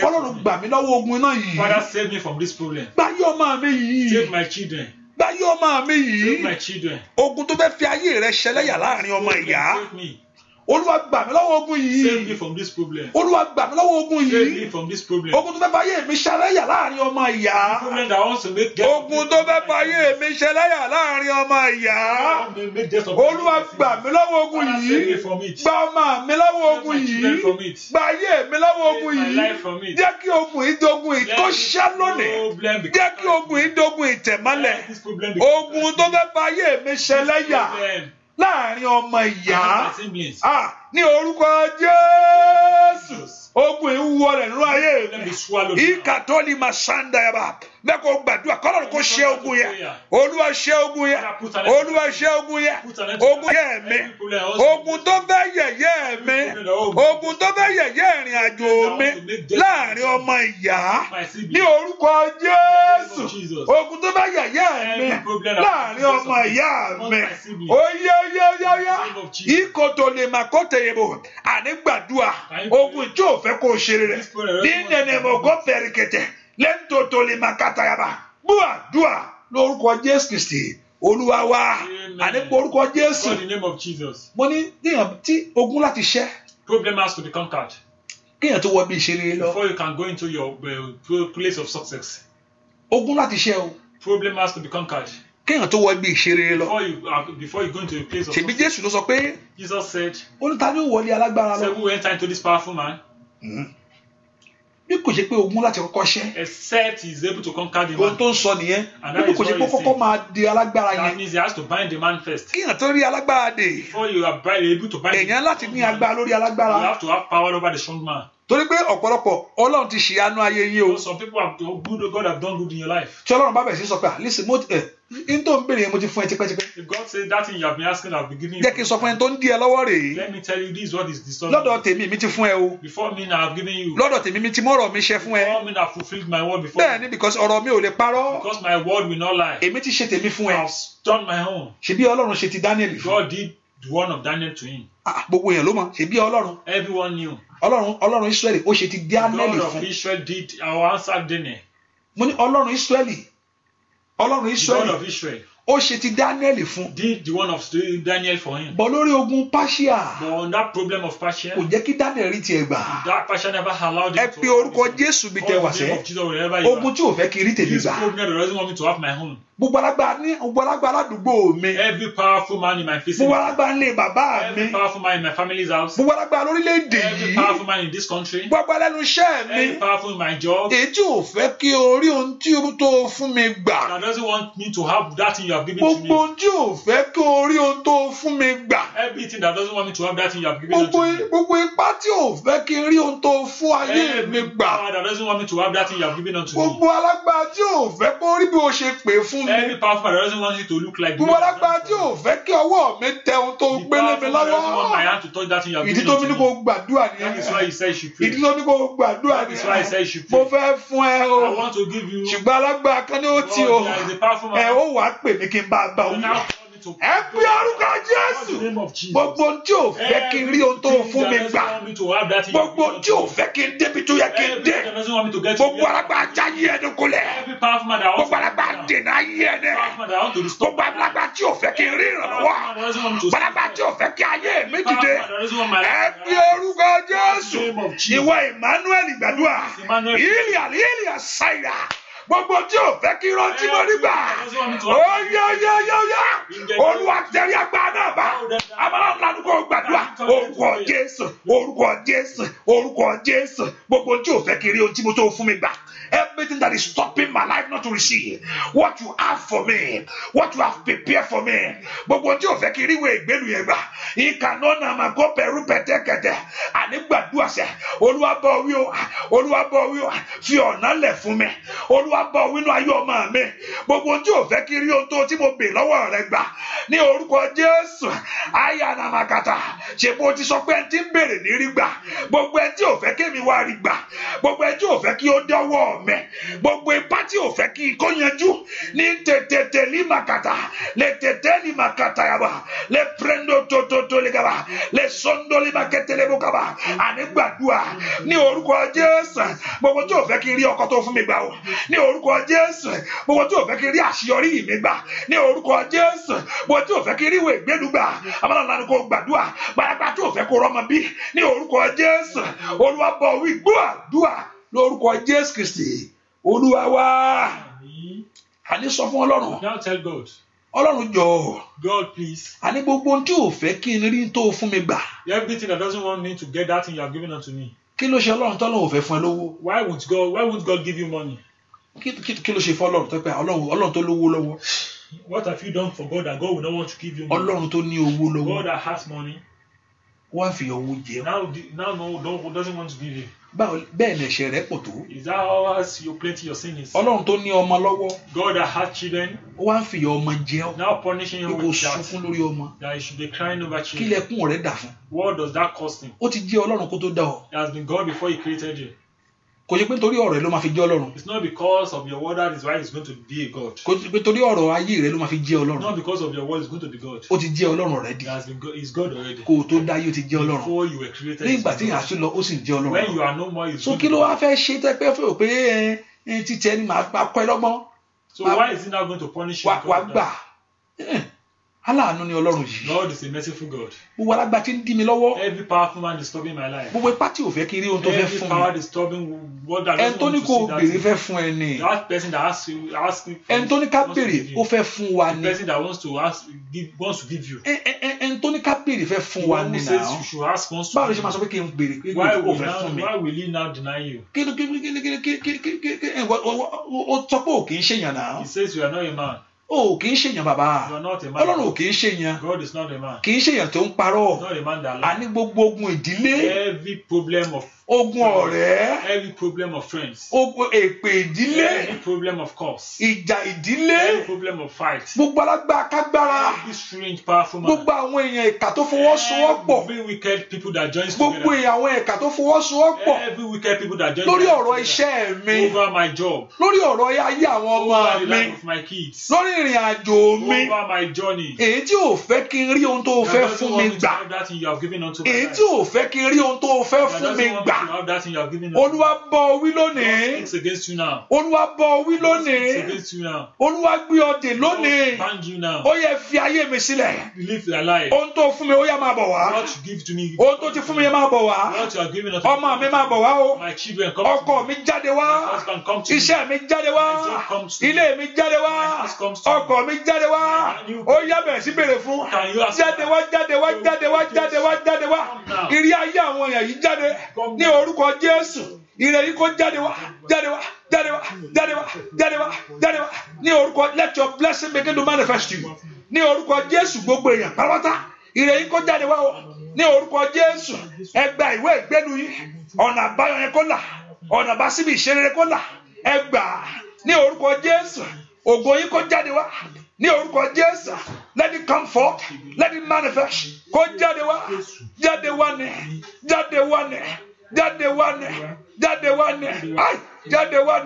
ọlọ́run gbà mí lọ́wọ́ ogun iná yìí Father save ọmọ mi yìí save my children ọmọ mi yìí ogun tó fẹ́ fi ayé rẹ ṣe láàrin ọmọ ìyá olúwa gbà mí lọ́wọ́ ogun yìí save me from this problem olúwa gbà mí lọ́wọ́ ogun yìí save me from this problem ogun tó fẹ́ fàyè mi ṣẹlẹ́yà láàrin ọmọ ìyá problem that wants to make death ogun tó fẹ́ fàyè mi ṣẹlẹ́yà láàrin ọmọ ìyá olúwa gbà mí lọ́wọ́ ogun yìí gba ọmọ mi lọ́wọ́ ogun yìí gba ayé mi lọ́wọ́ ogun yìí jẹ́ kí ogun ìdogun ìtọ́ṣẹ́ lónìí jẹ́ kí ogun ìdogun ìtẹ̀mọ́lẹ̀ ogun tó fẹ́ fàyè mi ṣẹlẹ́yà láàrin ọmọ ìyá ní orúkọ Jésù ogun ìwúwo rẹ nínú ayé mi ìkàtọ́lì máa ṣáńdà yaba bẹ́ẹ̀ kò gbàdúrà kọ́lọ́rù kò ṣe ogun yẹn olúwa ṣe ogun yẹn olúwa ṣe ogun yẹn ogun yẹn mi ogun tó fẹ́ yẹ̀yẹ́ mi ogun tó fẹ́ yẹ̀yẹ́ ìrìn àjò mi láàrin ọmọ ìyá ní orúkọ Jésù ogun tó fẹ́ yẹ̀yẹ́ mi láàrin ọmọ ìyá mi oyeyeyeye ìkòtò lè mà kó tẹ̀ yebo àní gbàdúrà ogun tí o fẹ́ kó o ṣe rẹ ní nẹnẹmọ kó fẹrikẹtẹ lẹ́ńtòtòlì màkàtàyàbà gbúàdúà lórúkọ Jésù Kristi olúwa wa àní orúkọ Jésù mo ní níyàn tí ogun láti ṣẹ́. problem has to be conquered. kéèyàn tó wọ bí ìṣeré lọ. before you can go into your uh, place of success. ogun láti ṣẹ́ o. problem has to be conquered kéèyàn tó wọ ibi ìṣeré lọ. before you uh, before you go into a place of. ṣèbí jésù ló sọ pé. jesus said. ó ní wọlé alágbára lọ. seven will into this powerful man. Hmm. bí kò ṣe pé ogun láti kọ́kọ́ ṣẹ́. except he is able to conquer the man. ohun tó ń sọ nìyẹn. and that is what he said. bí kò ṣe pé máa di alágbára yẹn. that means he has to bind the man first. kéèyàn tó rí alágbára dè. before you are able to bind. èèyàn láti ní agbára lórí alágbára. you have to have power over the strong man torí pé ọ̀pọ̀lọpọ̀ ọlọ́run ti ṣìyanu ayé yín o. some people have done good God have done good in your life. tí ọlọ́run bá bẹ̀ sí sọ pé ah, listen mo eh, n tó mo ti fún ẹ tipẹ́tipẹ́. God say that thing you have been asking I have been giving you. jẹ́ kí n sọ fún ẹ tó ń di ẹ lọ́wọ́ rèé. let me tell you this what is the story. lọ́dọ̀ tèmi mi ti fún ẹ o. before me na I have given you. lọ́dọ̀ tèmi mi ti mọ̀rọ̀ mi ṣe fún ẹ. before me na I fulfilled my word before. bẹ́ẹ̀ni because ọ̀rọ̀ mi ò lè parọ́. because my word will not lie. èmi ti ṣe tèmi fún ẹ. I have done my own. ṣebí Ọlọ́run ṣe ti Daniel God did the one of Daniel to him. Ah, gbogbo èèyàn ló mọ̀ ṣebí Ọlọ́run. everyone knew. Ọlọ́run Ọlọ́run Israẹli ó ṣe ti Daniel fún. God of Israel did our answer dinner mo ní ọlọ́run ìsírẹ́lì ọlọ́run israẹli ó ṣe ti Daniel fún. did the one of Daniel for him. bọ̀ lórí ogun Persia. but on that problem of Persia. kò jẹ́ kí Daniel rí tiẹ̀ gbà. that Persia never allowed him to. ẹ pe orúkọ Jésù bí tẹ wà sẹ́. ogun tí o fẹ́ kí rí tèmi gbà. this problem doesn't want me to have my home. gbogbo alágbára ní aládùúgbò mi. every powerful man in my vicinity. gbogbo alágbára bàbá mi. every powerful man in my family's house. gbogbo lórílẹ̀‐èdè yìí. every powerful man in this country. gbogbo iṣẹ́ mi. every powerful in my job. èyí tí o fẹ́ kí orí ohun tí o tó fún mi gbà. that doesn't want me to have that in your have given to me. gbogbo ohun tí ò fẹ́ kí o rí ohun tó fún mi gbà. everything that doesn't want me to have that thing you have given unto me. gbogbo ipá tí ò kí n rí ohun tó fún ayé mi gbà. every that doesn't want me to have that thing you have given unto me. gbogbo alágbára tí ò fẹ́ kó bí o ṣe pè fún mi. every power that doesn't want you to look like me. gbogbo alágbára tí ò kí ọwọ́ mi tẹ ohun tó gbé lé lọ́wọ́. the power that doesn't want my hand to touch that thing you have given unto me. ìdí tó mi ní kó gbàdúrà nìyẹn. that is why he says she prayed. ìdí tó mi ní kó gbàdúrà nìyẹn. that is why he says she prayed. mo fẹ́ fún ẹ o. I want to give you. ṣùgbọ́n alágbára kan ní ó ti o. ẹ èmi kí n bá gba òun ẹ pé orúkọ jésù gbogbo tí ò fẹ́ kí n rí ohun tó fún mi gbà gbogbo tí ò fẹ́ kí n débi tó yẹ kí n dé gbogbo alágbà ajá yí ẹni kulẹ̀ gbogbo alágbà dènà yí ẹni gbogbo alágbà tí ò fẹ́ kí n rí ìrànlọ́wọ́ alágbà tí ò fẹ́ kí ayé mi ẹ pé orúkọ jésù ìwọ emmanuel gbàdúrà ìlíà ìlíà sáyà gbogbo tí ò fẹ́ kí rántí mọ́ nígbà oyeyeyeye olúwa tẹ̀lé agbára náà bá abala lanu kò gbàdúrà orúkọ jésù orúkọ jésù orúkọ jésù gbogbo tí ò fẹ́ kí rí ohun tó fún mi gbà Everything that is stopping my life not to receive what you have for me, what you have prepared for me. Gbogbo tí o fẹ́ kiri wo ìgbélu yẹn gbà, ìkànnà náà máa kó pẹ̀lú pẹ̀tẹ́kẹ̀tẹ̀, àní gbàdúrà sẹ̀, Olúwa bọ̀ o, Olúwa fi ọ̀nà Gbogbo tí o fẹ́ kiri ohun tó tí mo bè lọ́wọ́ rẹ Jésù, sọ pé béèrè gbogbo ẹ mẹ gbogbo ipá tí ò fẹ́ kí ikó yanjú ní tètè lè màkàtà lè tètè lè màkàtà yàrá lè pẹ́ndó tótótó lè gàbà lè sọ́ndó lè màkẹ́tẹ́ lè bó gàbà àní gbàdúrà ní orúkọ Jésù gbogbo tí ò fẹ́ kí rí ọkọ tó fún mi gbà o ní orúkọ Jésù gbogbo tí ò fẹ́ kí rí àṣeyọrí mi gbà ní orúkọ Jésù gbogbo tí ò fẹ́ kí rí ìwé ìgbélu gbà abala ni kò gbàdúrà gbàdàgbà tí ò fẹ́ kó rọ́mọ bí ní orúkọ Jésù olúwa bọ̀ wí gbọ́ àdúrà lórúkọ Jésù Kristi olúwa wá àní sọ fún ọlọ́run. now tell God. Ọlọ́run jọ̀ọ́. God please. Àní gbogbo ohun tí ò fẹ́ kí n rí tó fún mi gbà. Everything that doesn't want me to get that thing you have given unto me. Kí ló ṣe Ọlọ́run tọ́lọ́run ò fẹ́ fún ẹ lówó? Why won't God Why won't God give you money? Kí ló ṣe fún Ọlọ́run tó pé Ọlọ́run Ọlọ́run tó lówó lọ́wọ́? What have you done for God that God would not want to give you money? Ọlọ́run tó ní owó lọ́wọ́. God that has money. Wọ́n á fi owó jẹun. Now now no don't, doesn't want to give you bẹ́ẹ̀ ni ẹ̀ṣẹ̀ rẹ pọ̀ tó. is that how as you plenty your sin ọlọ́run tó ní ọmọ lọ́wọ́. God that had children. ó wá ń fìyà ọmọ jẹ ọ́. now punishing your with that. sunkún lórí ọmọ. that he should be crying over children. kílẹ̀kùn rẹ̀ dà fún. what does that cost him. ó ti jẹ́ ọlọ́run kó tó dá ọ. he has been God before he created you kò ṣe pé nítorí ọ̀rọ̀ rẹ ló máa fi jẹ́ ọlọ́run. it's not because of your word that is why he's going to be a god. kò ṣe pé nítorí ọ̀rọ̀ ayé rẹ ló máa fi jẹ́ ọlọ́run. it's not because of your word he's going to be god. ó ti jẹ́ ọlọ́run already. he has been god he's god already. kó o tó dáyé ó ti jẹ́ ọlọ́run. before you were created. ní ìgbà tí ìyàn àti lọ ó sì ń jẹ́ when you are no more he's so good. so kí ló wá fẹ́ ṣe tẹ́pẹ́ fún òpé ẹ eh, eh, títẹ ni màá kọ́ ẹ lọ́gbọ́n. so why is he now going to punish you. wà wà gbà eh, aláàánú ni ọlọ́run yìí. Lord is a merciful God. gbogbo alágbá tí ń dí mi lọ́wọ́. every powerful man disturbing my life. gbogbo ipá tí ò fẹ́ kí ohun tó fẹ́ fún mi. every power disturbing what that don't want to see that. ẹni that person that asks you ask me. ẹni tó ní ká béèrè ó fẹ́ fún wa ni. the person that wants to ask give, wants to give you. ẹni tó ní ká béèrè fẹ́ fún wa ni na. the one who says you should ask wants to. báwo ló ṣe máa sọ pé kí n béèrè why will he now deny you. kí ló kí ló kí ló kí ló kí ló kí ló kí ló kí ló o kì í ṣèyàn bàbá ọlọ́run ò kì í ṣèyàn kì í ṣèyàn tó ń parọ́ àní gbogbo ogun ìdílé. every problem of ogun ọ̀rẹ́. every problem of friends. ogun èpè ìdílé. every problem of course. ìjà ìdílé. every problem of fight. gbogbo alágbára kágbára. every strange powerful man. gbogbo àwọn èèyàn ìkà tó fọwọ́sowọ́pọ̀. every wicked people that join together. gbogbo àwọn ìkà tó fọwọ́sowọ́pọ̀. every wicked people that join together. lórí ọ̀rọ̀ iṣẹ́ mi. over my job. lórí ọ̀rọ̀ ayé àwọn ọmọ mi. over the life of my kids. lórí ìrìn àjò mi. over my journey. èyí tí ò fẹ́ kí n rí ohun tó fẹ́ fẹ́ fún mi gbà. Ah! olúwa bọ́ ọ wí lónìí olúwa bọ́ ọ wí lónìí olúwa gbé ọ dè lónìí ó yẹ fi ayé mi sílẹ̀ ohun tó fún mi ó yá máa bọ̀ wá ohun tó ti fún mi yẹ máa bọ̀ wá ọmọ mi máa bọ̀ wá o ọkọ mi jáde wá iṣẹ́ mi jáde wá ilé mi jáde wá ọkọ mi jáde wá ó yá bẹ̀rẹ̀ sí béèrè fún jáde wá jáde wá jáde wá jáde wá jáde wá ìrí ayé àwọn èèyàn yìí jáde ní orúkọ Jésù ire yìí kó jáde wá jáde wá jáde wá jáde wá jáde wá jáde wá ní orúkọ let your blessing begin to manifest you ní orúkọ Jésù gbogbo èèyàn pàrọ̀tà ire yìí kó jáde wá o ní orúkọ Jésù ẹgbà ìwé ìgbénu yìí ọ̀nà àbáyọ yẹn kó là ọ̀nà bá síbi ìṣerere kó là ẹgbà ní orúkọ Jésù ògo yìí kó jáde wá ní orúkọ jésù let it come forth let it manifest kó jáde wá jáde wá ní jáde wá ní jáde wá jáde wá ayi jáde wá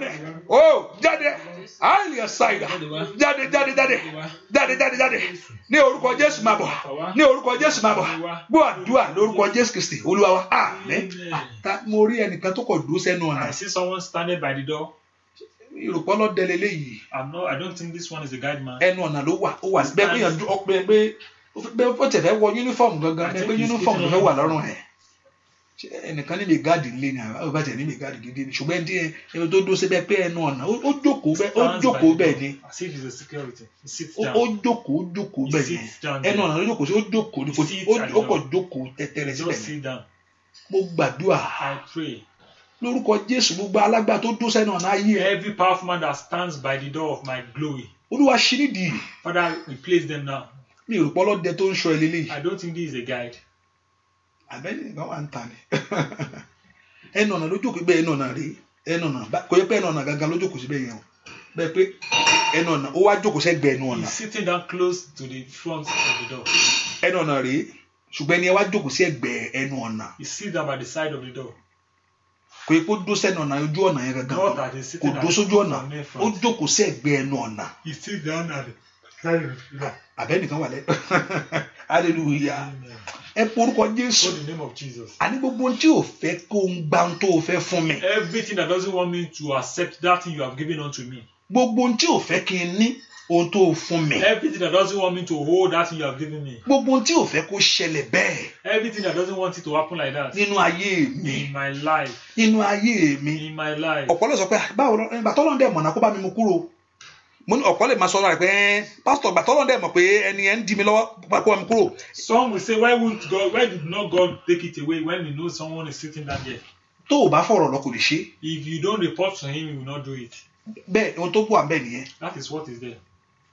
o jáde ayi yẹ jáde jáde jáde jáde jáde jáde ní orúkọ Jésù máa bọ̀ ní orúkọ Jésù máa bọ̀ gbọ́ àdúrà lórúkọ Jésù Kristi Olúwa wa àmín ta mo rí ẹnìkan tó kọ̀ dúró sẹ́nu ọ̀nà. I see someone standing by the door. Yorùbá lọ dẹlẹ léyìí. I don't think this one is a guide man. Ẹnu ọ̀nà ló wà ó wà bẹ́ẹ̀ pé ọpẹ́ pé ó tẹ̀fẹ́ wọ yúnífọ̀mù gangan pé yúnífọ̀mù ló fẹ́ wà lọ́rùn ẹ̀ ẹnìkan ní mẹgáàdì lé ní àwọn bá tẹ̀ ní mẹgáàdì gidi ni ṣùgbọ́n ẹni ẹni tó dúró síbẹ̀ pé ẹnu ọ̀nà ó jókòó bẹ́ẹ̀ ó jókòó bẹ́ẹ̀ ni ó jókòó jókòó bẹ́ẹ̀ ni ẹnu ọ̀nà ló jókòó sí ó jókòó ni ó kọ̀ jókòó tẹ́tẹ́rẹ́ síbẹ̀ ni mo gbàdúrà lórúkọ Jésù gbogbo alágbà tó dúró sẹ́nu ọ̀nà ayé ẹ. every powerful man that stands by the door of my glory. olúwa ṣí nídìí. Father replace them now. mi ò rò pọ́ lọ́dẹ tó ń ṣọ́ ẹ lélẹ́yìí. I don't think this is a guide àbẹ́ni nìkan wà ń ta ni ẹnu ọ̀nà lójókòó bẹ́ẹ̀ ẹnu ọ̀nà rèé ẹnu ọ̀nà kò yẹ pé ẹnu ọ̀nà gangan lójókòó síbẹ̀ yẹn o bẹ́ẹ̀ pé ẹnu ọ̀nà ó wá jókòó sẹ́gbẹ̀ ẹnu ọ̀nà. he sitting down close to the front of the door. ẹnu ọ̀nà rèé ṣùgbọ́n ẹni ẹ wá jókòó sí ẹnu ọ̀nà. he sit down by the side of the door. kò yẹ kó dó sẹ́nu ọ̀nà ojú ọ̀nà yẹn gangan kò dó sójú ọ̀nà ó jókòó sí ẹnu ọ̀nà. he sit down at the side of the door. àbẹ́nìkan wà lẹ́ hallelujah ẹ porúkọ jésù àní gbogbo ohun tí o fẹ́ kó ń gba tó o fẹ́ fún mi. everything that doesn't want me to accept that thing you have given unto me. gbogbo ohun tí o fẹ́ kí n ní ohun tó o fún mi. everything that doesn't want me to hold that thing you have given me. gbogbo ohun tí o fẹ́ kó ṣẹlẹ̀ bẹ́ẹ̀. everything that doesn't want it to happen like that. nínú ayé mi. in my life. nínú ayé mi. in my life. ọ̀pọ̀lọpọ̀ sọ pé báwo ló ń bá tọ́lọ́ ń dẹ̀ mọ̀nà kó bá mi mú kúrò mo ní ọ̀pọ̀ lè máa sọ ọ́nà pé eh, pásítọ̀ gbà tọ́lọ́ dẹ̀ mọ̀ pé ẹni ẹ̀ ń di mi lọ́wọ́ pàpọ̀ mi kúrò. some will say why won't God why did not God take it away when he know someone is sitting down there. tó o bá fọ̀rọ̀ lọ kò lè ṣe. if you don't report to him he will not do it. bẹ́ẹ̀ ohun tó kù à ń nìyẹn. that is what is there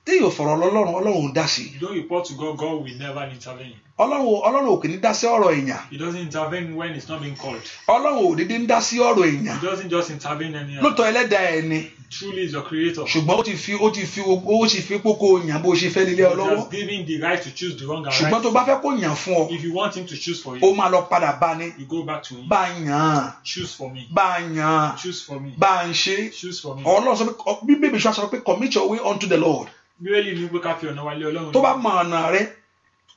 téèyàn fọ̀rọ̀ lọ́lọ́run ọlọ́run ò dá sí. you don't report to God God will never intervene. ọlọ́run ọlọ́run ò kì í dá sí ọ̀rọ̀ èèyàn. he doesn't intervene when it's not being called. ọlọ́run ò dídí ń dá sí ọ̀rọ̀ èèyàn. he doesn't just intervene anyhow. lóòótọ́ ẹlẹ́dàá ẹ ni. truly is your creator. ṣùgbọ́n ó ti fi ó ti fi ó ti fi kókó yàn bó ṣe fẹ́ nílé ọlọ́wọ́. he has given the right to choose the wrong and right. ṣùgbọ́n tó bá fẹ́ kó yàn fún ọ. if you want him to choose for you. ó máa lọ padà bá ní. you go back to him. bá yàn. choose for me. bá yàn. choose for me. bá ń ṣe. choose for me. ọlọ́run sọ pé bíbélì sọ pé commit your way unto the Lord bíbélì ní pé ká fi ọ̀nà wa lé ọlọ́run. tó bá mọ ọ̀nà rẹ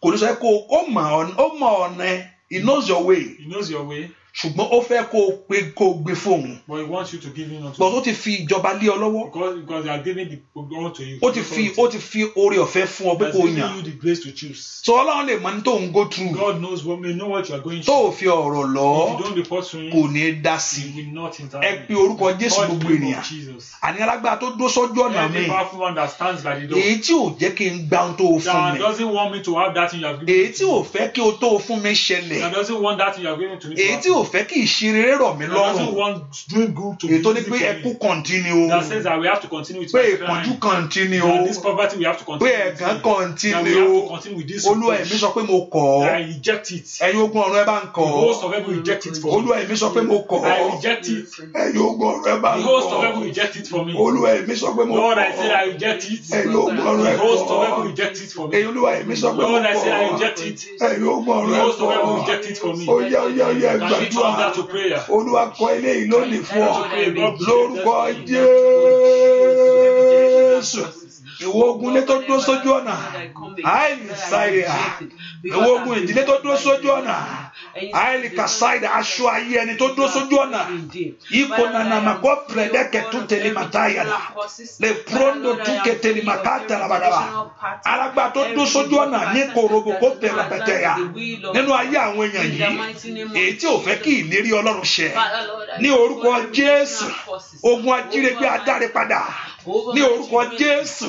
kò ní sọ pé ó mọ ọ̀nà he knows your way. he knows your way ṣùgbọ́n ó fẹ́ kó o pe kó gbé fóun. but he wants you to give him unto. but ó ti fi ìjọba lé ọ lọ́wọ́. because because they are giving the power to you. ó ti fi ó ti fi oore ọ̀fẹ́ fún ọ pé kó yàn. he has given you the grace to choose. so ọlọ́run lè mọ ní tó go through. God knows what may know what you are going through. tó o fi ọ̀rọ̀ lọ. if you don't report to him. kò ní dá sí he will not intervene. ẹ pe orúkọ Jésù gbogbo ènìyàn. àní alágbára tó dó sójú ọ̀nà mi. every powerful man that stands by the door. èyí tí ò jẹ́ kí n gba ohun tó o fún mi. that doesn't want me to have that thing you have given me. èyí tí ò fẹ́ kí o tó o fún mi ṣẹlẹ̀. that doesn't want that thing you have given to me. èyí tí ò fẹ́ kí ìṣirere rọ̀ mí lọ́rùn ètò ni pé ẹkú continue o pé ìpọ́njú continue o pé ẹ̀gàn continue o olúwa ẹ̀mí sọ pé mo kọ̀ ọ́ ẹ̀yin ogun ọ̀run ẹ bá ń kọ̀ ọ́ olúwa ẹ̀mí sọ pé mo kọ̀ ọ́ ẹ̀yin ogun ọ̀run ẹ bá ń kọ̀ ọ́ olúwa ẹ̀mí sọ pé mo kọ̀ ọ́ ẹ̀yin ogun ọ̀run ẹ kọ̀ ọ́ ẹ̀yin olúwa ẹ̀mí sọ pé mo kọ̀ ọ́ ẹ̀yin ogun ọ̀run ẹ kọ̀ ọ́ ó yá ó yá ó yá gbàdúrà àdúrà olúwa kọ eléyìí lónìí fún ọ lórúkọ jésù ìwọ ogun ilé tó dúró sójú ọ̀nà àìlì sáìdà ìwọ ogun ìdílé tó dúró sójú ọ̀nà àìlì kàsáìdà aṣọ ayé ẹni tó dúró sójú ọ̀nà ipò nànàmàgbọ́ pẹ̀lẹ́kẹ̀ tún tẹ̀lé màtáyàlà lè púrọ́ńdò tún kẹtẹ̀lé màkàtà rabadaba alágbà tó dúró sójú ọ̀nà ní korobo kó bẹ̀rẹ̀ pẹ̀tẹ̀ yà nínú ayé àwọn èèyàn yìí èyí tí ò fẹ́ kí ìlérí ọlọ́run ṣẹ ní orúkọ jésù ogun ajírégbé adáre padà ní orúkọ jésù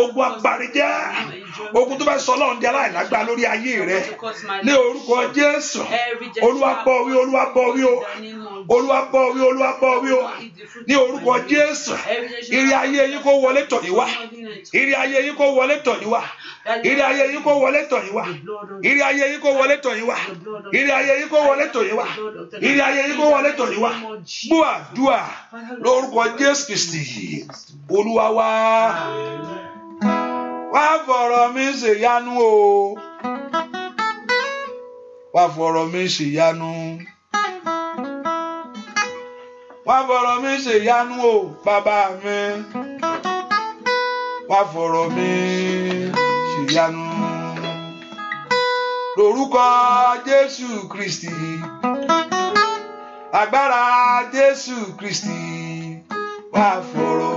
ogun aparijẹ ogun tó bá sọ Ọlọ́run di aláìlágbá lórí ayé rẹ ní orúkọ jésù olúwa bọ wí olúwa bọ wí o olúwa bọ́ wí olúwa bọ́ wí o ní orúkọ jésù ìrì ayé yín kó wọlé tọ̀ yín ìrì ayé yín kó wọlé tọ̀ yín ìrì ayé yín wọlé tọ̀ ìrì ayé yín wọlé tọ̀ ìrì ayé mi o wá fọ̀rọ̀ mi ṣèyanu o bàbá mi wá fọ̀rọ̀ mi ṣèyanu lórúkọ Jésù Kristi agbára Jésù Kristi wá fọ̀rọ̀.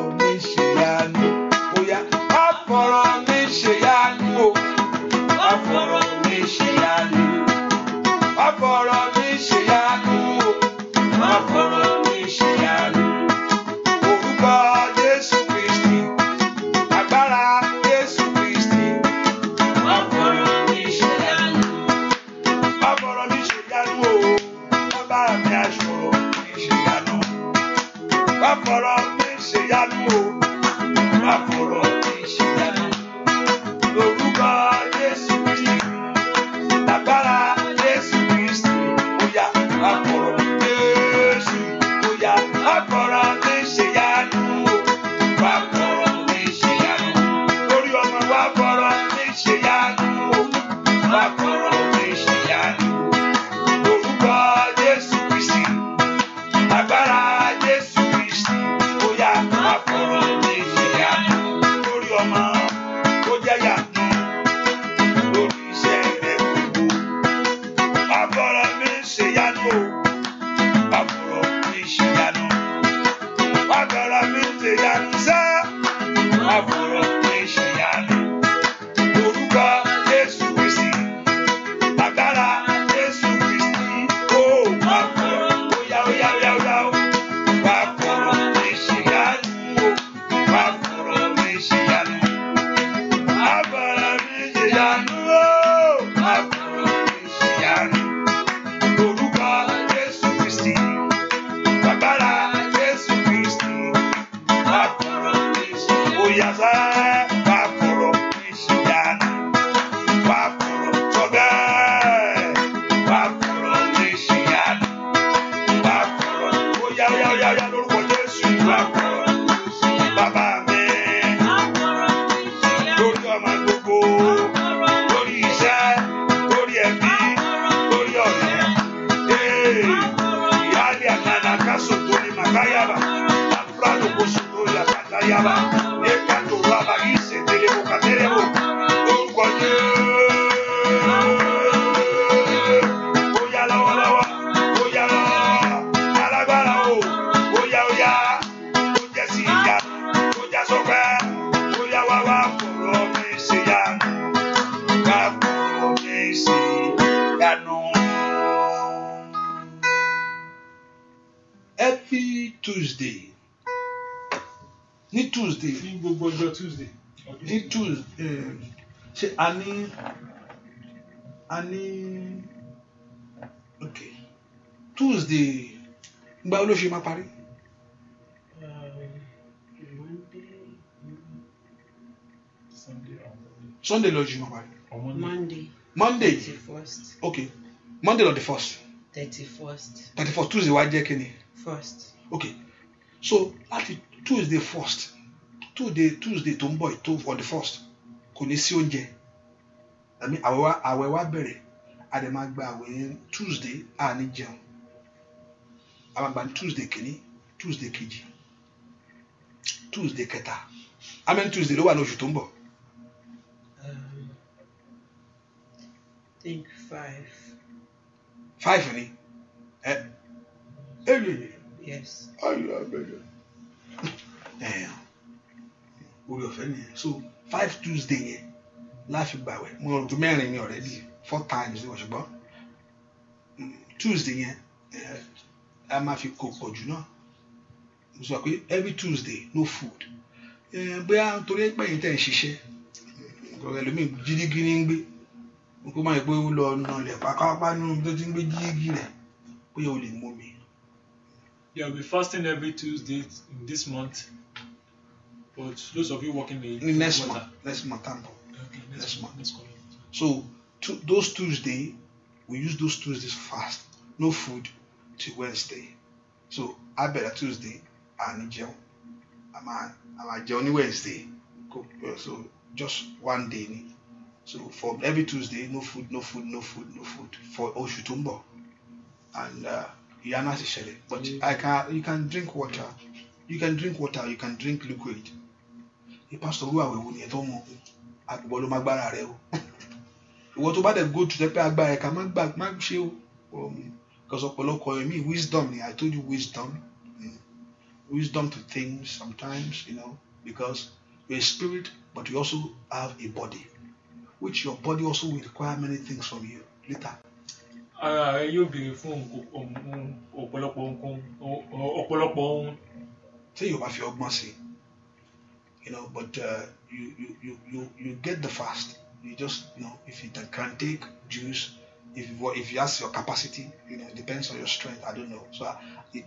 Yeah. Tuesday ní Tuesday eh, ṣe a ní a ní ok Tuesday gba ló ṣe máa parí. Sunday lọ ṣe máa parí. Monday. Monday. Thirty-first. ok Monday lọ the first. thirty first. thirty first Tuesday wá jẹ́ kí ni. first. ok so láti Tuesday first tuesday tuesday tó ń bọ̀ tó on the first kò onje. I mean, àmì àwẹ̀ wa bẹ̀rẹ̀ a dẹ̀ gba àwẹ̀ tuesday a ní jẹun a máa gba tuesday kini, tuesday kejì tuesday kẹta amen tuesday ló wà ní oṣù tó ń um, think five. five ni ẹ ẹ yẹ yẹ. yes. ayọ̀ orí ọ̀fẹ́ nìyẹn so five tuesday yẹn láfi gbàwẹ̀ mo rò tó mẹ́rin ni already four times ni wọ́n ṣùgbọ́n mm, tuesday yẹn eh, a máa fi kó pọ̀ jù náà mo sọ pé every tuesday no food eh, bóyá nítorí pẹ̀yìn tẹ̀ ń ṣiṣẹ́ ọ̀rọ̀ ẹlòmíì jírígì ní ń gbé kó má yẹ pé ó lọ nà lẹ̀ pàápàá nínú tó ti ń gbé jírígì rẹ̀ bóyá o lè mú mi. You will be fasting every Tuesday in this month But those of you working in the next month, next month, okay, next, next month. So to, those Tuesday, we use those Tuesdays fast, no food till Wednesday. So I better Tuesday need gel. I'm I'm a I'm a journey Wednesday. Eh, so just one day. So for every Tuesday, no food, no food, no food, no food for Oṣù and ń bọ̀. And uh, But I can you can drink water. You can drink water, you can drink liquid. Pastor, wíwà wẹ̀wò nìyẹn tó mọ̀ àgbọ̀ ló má gbára rẹ o ìwọ tó bá dẹ̀ go to jẹ́ pé agbára ẹ̀ka má gbà má ṣe o because um, ọ̀pọ̀lọpọ̀ mi wisdom ni I told you wisdom mm. wisdom to things sometimes you know because you're a spirit but you also have a body which your body also will require many things from you later ara rẹ yóò béèrè fún ọ̀pọ̀lọpọ̀ nǹkan ọ̀pọ̀lọpọ̀ ohun. tí yóò bá fi ọgbọ́n sí i. you know, but uh, you, you, you, you, you get the fast. You just, you know, if you can take juice, if you, if you ask your capacity, you know, it depends on your strength. I don't know. So I,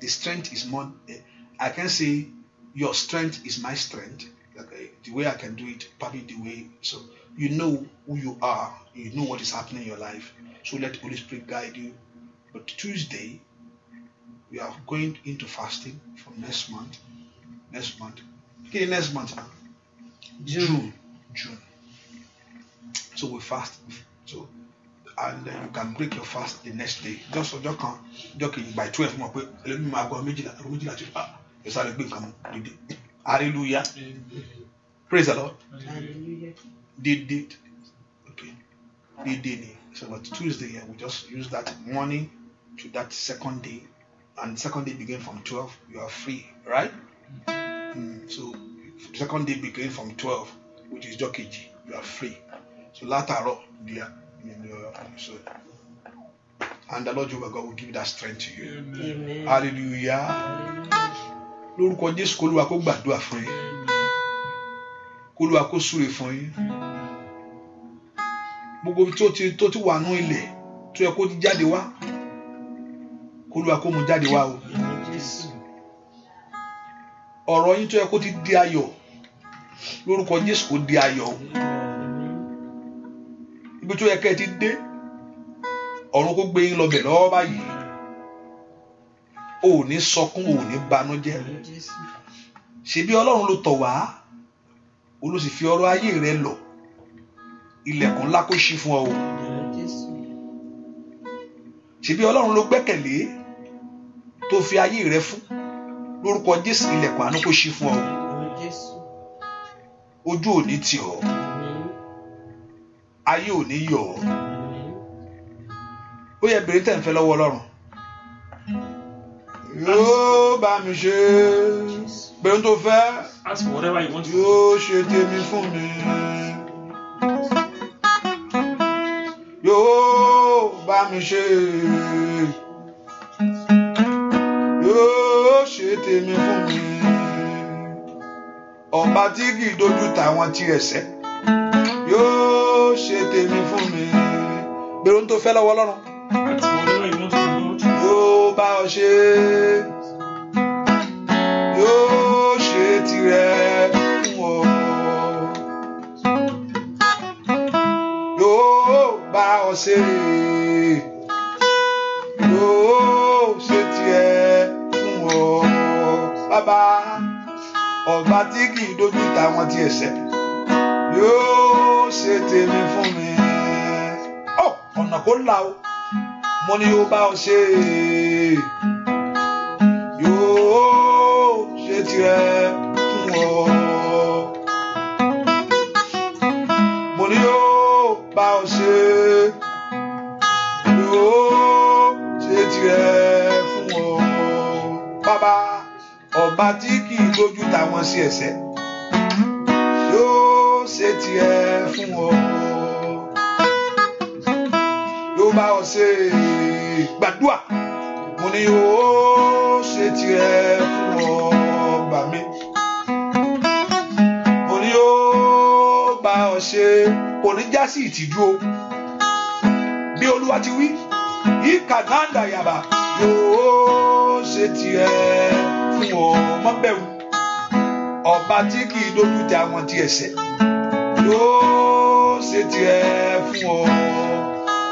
the strength is more, eh, I can say your strength is my strength. Okay, eh, the way I can do it, probably the way. So you know who you are, you know what is happening in your life. So let Holy Spirit guide you. But Tuesday, we are going into fasting from next month. Next month, Okay, next month na June June so we fast so and then you can break your fast the next day just ọjọ́ kan ọjọ́ kejì by twelve mo pe ẹlẹmi máa gbọ́ méjìlá ẹgbẹ́ méjìlá ti fa ẹ sáré gbé nǹkan mu dìde hallelujah praise the lord Did did. okay Did did. so but Tuesday yeah, we just use that morning to that second day and second day begin from twelve you are free right. Mm-hmm. So second day begin from twelve which is jọ́ kejì you are free. So látàárọ̀ dia ni o so and the Lord your God will give that strength to you. Amen. Hallelujah. Lórúkọ Jésù kó Olúwa kó gbàdúrà fún yín. Kó Olúwa kó súre fún yín. Gbogbo tí ó ti tó ti wà nú ilẹ̀ tó yẹ kó ti jáde wá. Kó Olúwa kó mú jáde wá o. Amen ọ̀rọ̀ yín tó yẹ kó ti di ayọ̀ lórúkọ Jésù kó di ayọ̀ ibi tó yẹ kẹ́ ẹ ti dé ọ̀run kó gbé yín lọ́bẹ̀ lọ́wọ́ báyìí ò ní sọkún ò banújẹ́ ṣebí Ọlọ́run ló tọ̀ wá o fi ọrọ̀ ayé rẹ lọ ilẹ̀kùn ńlá kó ṣí fún ọ o ṣebí Ọlọ́run ló gbẹ́kẹ̀lé tó fi ayé rẹ fún lórúkọ jésù ilẹ̀kùn àánú kò ṣí fún ọ ojú ò ní tì ọ́ ayé ò ní yọ̀ ọ́ ó yẹ bèrè tẹ̀ ń fẹ́ lọ́wọ́ ọlọ́run yóò bá mi ṣe bẹ̀rù tó fẹ́ yóò ṣe tèmi fún mi yóò bá mi ṣe. tèmi fún mi ọba tí kì í dojú tàwọn tí ẹsẹ̀ yóò ṣe tèmi fún mi gbèrò tó fẹ́ lọ́wọ́ lọ́rùn yóò bá ọ ṣe yóò ṣe tirẹ̀ fún ọ yóò bá ọ ṣe. bàbá ọba tí kì í dojú ta wọn ti ẹ̀ṣẹ̀ yóò ṣe tèmi fún mi ọ ọ̀nà kó là o mo ní yóò bá ọ ṣe yóò ṣe tirẹ fún ọ mo ní yóò bá ọ ṣe yóò ṣe tirẹ. ọba tí kì í dojú tàwọn sí ẹ̀ṣẹ̀ yóò ṣe tiẹ̀ fún ọ yóò bá ọ ṣe gbàdúà mo ní yóò ṣe tiẹ̀ fún ọ bà mí mo ní yóò bá ọ ṣe oníjàsí ìtìjú o bí olúwa ti wí ìkàdáńdà yàbá yóò ṣe tiẹ̀ pin ọ mọ́ bẹ̀rù ọba tí kì í dojú ti àwọn ti ẹ̀ṣẹ̀ yóò ṣe tiẹ̀ fún ọ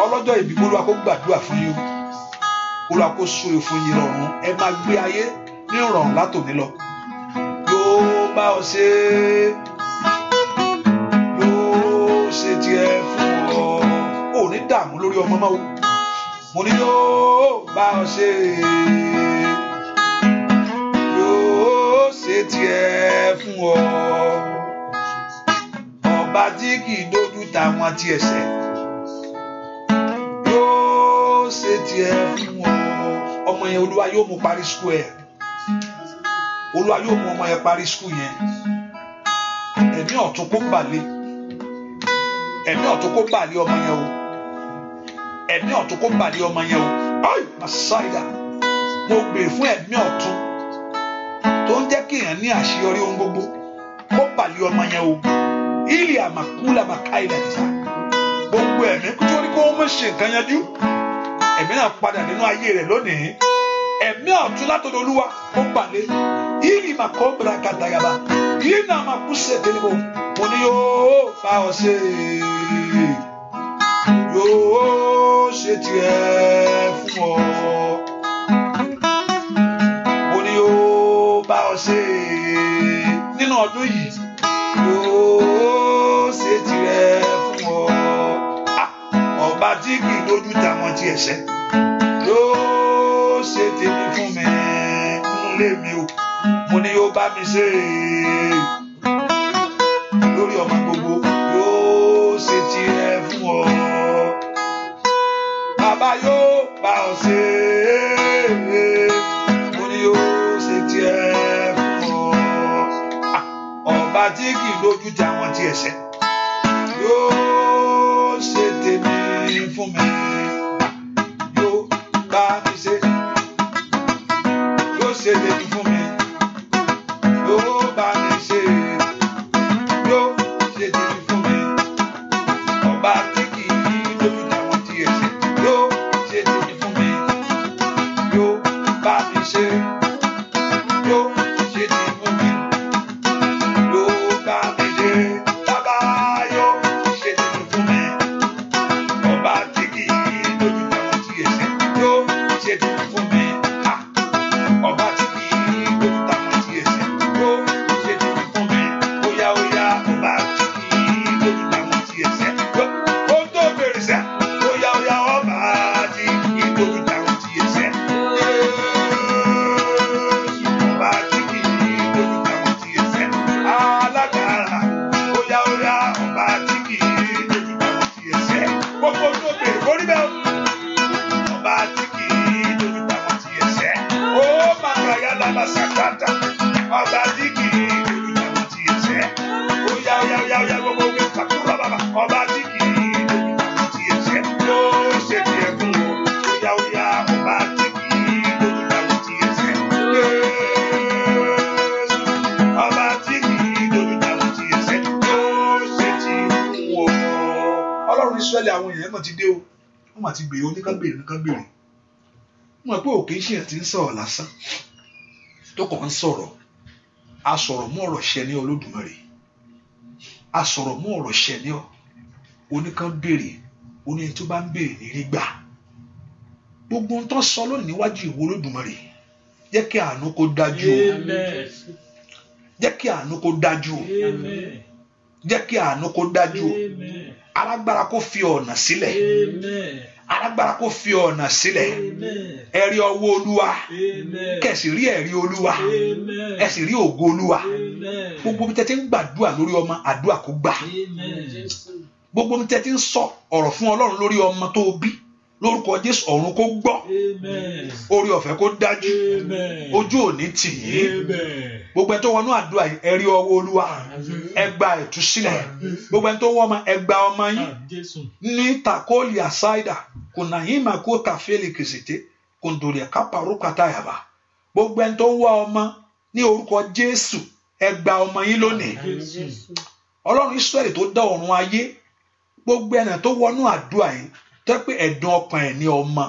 ọlọ́jọ́ ìbí kó lóra kó gbàdúrà fún yín kó lóra kó súre fún yín rọrùn ẹ máa gbé ayé ní ìrọ̀rùn látòmí lọ yóò bá ọ ṣe yóò ṣe tiẹ̀ fún ọ ò ní dààmú lórí ọmọ máa wò mo ní yóò bá ọ ṣe ṣe tiẹ̀ fún ọ. ọba tí kì dojú ta wọn ti ẹ̀ṣẹ̀ yóò ṣe tiẹ̀ fún ọ. ọmọ yẹn olúwa yóò mú parí skul ẹ̀ olúwa yóò mú ọmọ yẹn parí skul yẹn ẹ̀mí ọ̀tún kó balẹ̀ ẹ̀mí ọ̀tún kó balẹ̀ ọmọ yẹn o ẹ̀mí ọ̀tún kó balẹ̀ ọmọ yẹn o. Ay, Masaida, mo gbè fún ẹ̀mí ọ̀tún ó ń jẹ́ kí èèyàn ní àṣeyọrí ohun gbogbo kó pàlẹ́ ọmọ yẹn o ilé àmàkúlà màkà ilẹ̀ tìta gbogbo ẹ̀mí torí kó mọ̀ ṣe nǹkan yanjú ẹ̀mí náà padà nínú ayé rẹ̀ lónìí ẹ̀mí ọ̀tún látọ̀dọ̀ olúwa ó pàlẹ́ ilé màkọ́ bìrà kàtàyàbà náà máa kú sí ẹ̀dẹ́ níbo mo ní yóò fa ọ ṣe yóò ṣe tiẹ̀ fún ọ. ọdún yìí yóò ṣe tirẹ̀ fún ọ ah, ọba tí kì í lójú tàwọn tí ẹ̀ṣẹ̀ yóò ṣe tèmi fún mi nílé mi o mo ní yóò bá mi ṣe lórí ọmọ gbogbo yóò ṣe tirẹ̀ fún ọ bàbá yóò bá ọ ṣe. tí kì í lójú ti àwọn tí ẹ̀ṣẹ̀ yóò ṣe tèmi fún mi yóò bá mi ṣe yóò ṣe tèmi fún mi. ìmọ̀lẹ̀ àwọn èèyàn mọ̀ ti dé o wọ́n mà ti gbèrè oníkàgbèrè oníkàgbèrè wọ́n mọ̀ pé òkè iṣẹ́ ti ń sọ̀rọ̀ lásán tó kàn ń sọ̀rọ̀ a sọ̀rọ̀ mú ọ̀rọ̀ ṣẹ ní Olódùmarè a sọ̀rọ̀ mú ọ̀rọ̀ ṣẹ ní ọ oníkàgbèrè oní tó bá ń béèrè ní rí gbà gbogbo ohun tó sọ lónìí níwájú ìwọ Olódùmarè jẹ́ kí àánú kó dájú o jẹ́ kí àánú kó dájú o jẹ́ kí àánú kó dájú o alágbára kó fi ọ̀nà sílẹ̀ alágbára kó fi ọ̀nà sílẹ̀ ẹ̀rí ọwọ́ olúwa kẹ̀sì rí ẹ̀rí olúwa ẹ̀sì rí ògo olúwa gbogbo mi tẹ́tí ń gbàdúrà lórí ọmọ àdúrà kó gbà gbogbo mi tẹ́tí ń sọ ọ̀rọ̀ fún ọlọ́run lórí ọmọ tó bí lórúkọ jésù ọ̀run kó gbọ́ orí ọ̀fẹ́ kó dájú ojú òní tì yín gbogbo ẹni tó wọnú àdúrà ẹ̀rí ọwọ́ olúwa ẹ gba gbogbo ẹni tó wọ́n ọmọ ẹ ọmọ yín ah, ní takoli asaida kùnà yín máa kó tàfẹ́lì kìsìté kùndùlẹ̀ kápárò kàtàyàbá gbogbo ẹni tó wọ́n ọmọ ní orúkọ jésù ẹ gba ọmọ yín lónìí ah, ọlọ́run israẹli tó dá ọ̀run ayé gbogbo ẹni tó wọnú àdúrà yìí jẹ́ pé ẹ̀dùn ọkàn ẹ̀ ní ọmọ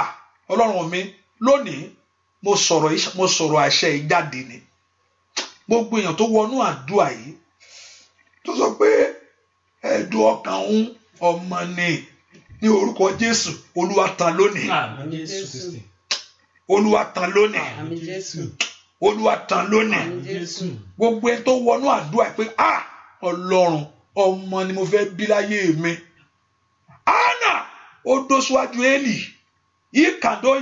à ọlọ́run mi lónìí mo sọ̀rọ̀ mo sọ̀rọ̀ àṣẹ ìjáde ni gbogbo èèyàn tó wọnú àdúrà yìí tó sọ pé ẹ̀dùn ọkàn òun ọmọ ni ní orúkọ Jésù olúwa tán lónìí olúwa tán lónìí olúwa tán lónìí gbogbo ẹ tó wọnú àdúrà pé a ọlọ́run ọmọ ni mo fẹ́ bí láyé mi. Hánà ó dó síwájú Élì yìí kàdó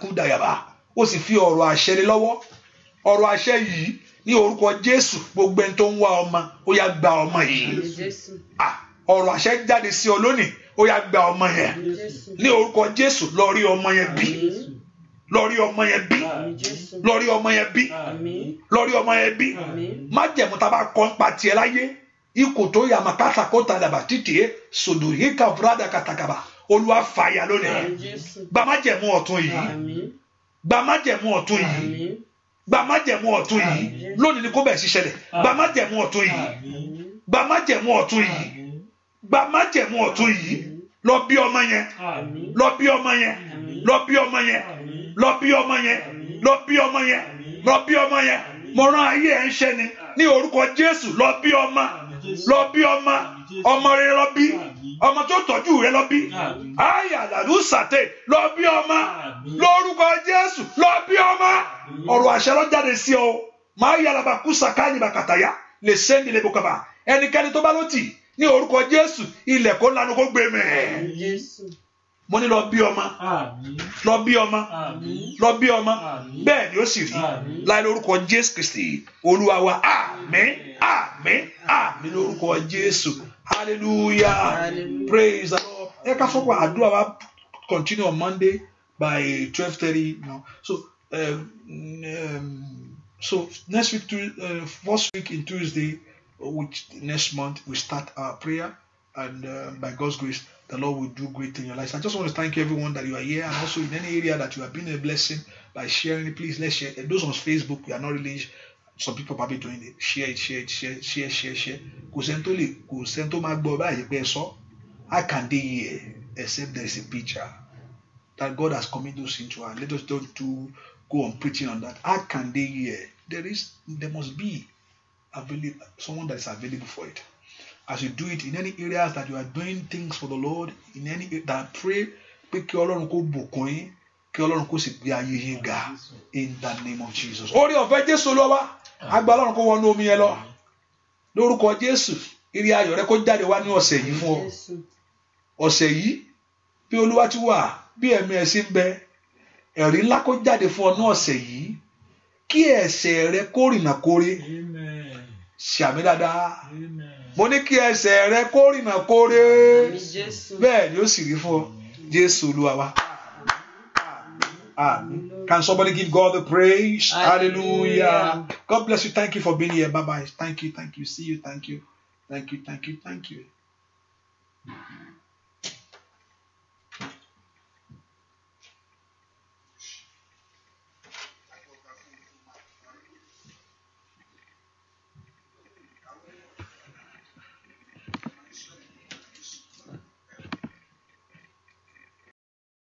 kuda yaba. ó sì fi ọ̀rọ̀ àṣẹ lé lọ́wọ́ ọ̀rọ̀ àṣẹ yìí ní orúkọ Jésù gbogbo ẹni tó ń wá ọmọ ó yá gba ọmọ yìí ọ̀rọ̀ àṣẹ jáde sí ọ lónìí ó yá gba ọmọ yẹn ní orúkọ Jésù lọ rí ọmọ yẹn bí lọ rí ọmọ yẹn bí lọ rí ọmọ yẹn bí lọ rí ọmọ yẹn bí májẹ̀mú tá a bá kọ́ ń pa tiẹ̀ láyé ikoto ya makata kota daba titi eh, sodori kavrada katakaba olúwa fàyà lónìí gba májẹ̀mú ọ̀tun yìí gba májẹ̀mú ọ̀tun yìí gba májẹ̀mú ọ̀tun yìí lónìí ni kó bẹ̀ sí ṣẹlẹ̀ gba májẹ̀mú ọ̀tun yìí gba májẹ̀mú ọ̀tun yìí gba májẹ̀mú ọ̀tun yìí lọ bí ọmọ yẹn lọ bí ọmọ yẹn lọ bí ọmọ yẹn lọ bí ọmọ yẹn lọ bí ọmọ yẹn lọ bí ọmọ yẹn mo ayé ẹ̀ ń ṣẹ́ni ní orúkọ Jésù lọ bí ọmọ lọ bí ọmọ ọmọ rẹ lọ bí ọmọ tó tọ́jú rẹ lọ bí àyà làlú sàtẹ lọ bí ọmọ lórúkọ Jésù lọ bí ọmọ ọ̀rọ̀ àṣẹ lọ jáde sí ọ máa yàrá bàkú sàkáyìn bàkàtàyà lè sẹ́ni lè bùkàbà ẹnikẹ́ni tó bá ló ní orúkọ Jésù ilẹ̀ lanu kó gbé mo ní lọ bí ọmọ lọ bí ọmọ lọ bí ọmọ bẹ́ẹ̀ ni ó sì rí láì lórúkọ jésù kristi olúwa wa àmín àmín àmín lórúkọ jésù hallelujah praise the lord ẹ ká fọwọ́ àdúrà wa continue on monday by twelve thirty now so um, um, so next week uh, first week in tuesday which next month we start our prayer and uh, by god's grace. the Lord will do great in your life. I just want to thank you, everyone that you are here, and also in any area that you have been a blessing by sharing. Please let's share. those on Facebook, we are not really. Some people probably doing it. Share it, share it, share, it, share, share, share. Kò sẹ́ni tó lè tó How can they hear except there is a picture that God has committed us into? And let us don't do go on preaching on that. How can they hear? There is there must be available someone that is available for it. as you do it in any areas that you are doing things for the Lord in any that pray pé kí Ọlọ́run kó bùkún yín kí Ọlọ́run kó sì gbé ayé yín ga in the name of Jesus. orí ọ̀fẹ́ Jésù ló wá àgbà Ọlọ́run kó wọnú omi yẹn lọ lórúkọ Jésù eré ayọ̀ rẹ kó jáde wá ní ọ̀sẹ̀ yìí fún ọ ọ̀sẹ̀ yìí bí Olúwa ti wà bí ẹ̀mí ẹ̀ sí ń bẹ ẹ̀rí ńlá kó jáde fún ọ ní ọ̀sẹ̀ yìí kí ẹ̀ṣẹ̀ rẹ kó kórè ṣàmì dáadáa. Amen mo ní kí ẹsẹ̀ rẹ kó kóre bẹ́ẹ̀ ni ó sì rí fún ọ Jésù Olúwa Can somebody give God the praise? Hallelujah. Hallelujah. God bless you. Thank you for being here. Bye bye. Thank you. Thank you. See you. Thank you. Thank you. Thank you. Thank you.